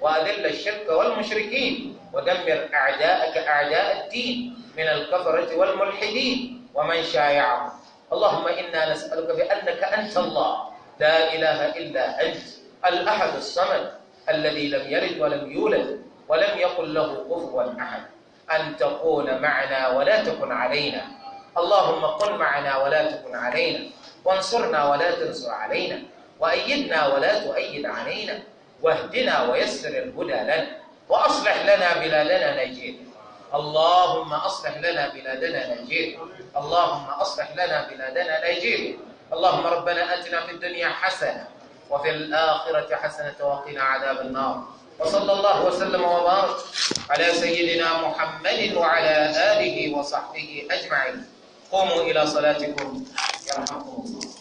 وأذل الشرك والمشركين ودمر أعداءك أعداء الدين من الكفرة والملحدين ومن شايعهم اللهم إنا نسألك بأنك أنت الله لا إله إلا أنت الأحد الصمد الذي لم يلد ولم يولد ولم يقل له كفوا أحد أن تكون معنا ولا تكن علينا اللهم كن معنا ولا تكن علينا وانصرنا ولا تنصر علينا وأيدنا ولا تؤيد علينا واهدنا ويسر الهدى لنا وأصلح لنا بلادنا نيجيريا اللهم أصلح لنا بلادنا نيجيريا اللهم أصلح لنا بلادنا نيجيريا اللهم ربنا أتنا في الدنيا حسنة وفي الآخرة حسنة وقنا عذاب النار وصلى الله وسلم وبارك على سيدنا محمد وعلى آله وصحبه أجمعين قوموا إلى صلاتكم يرحمكم الله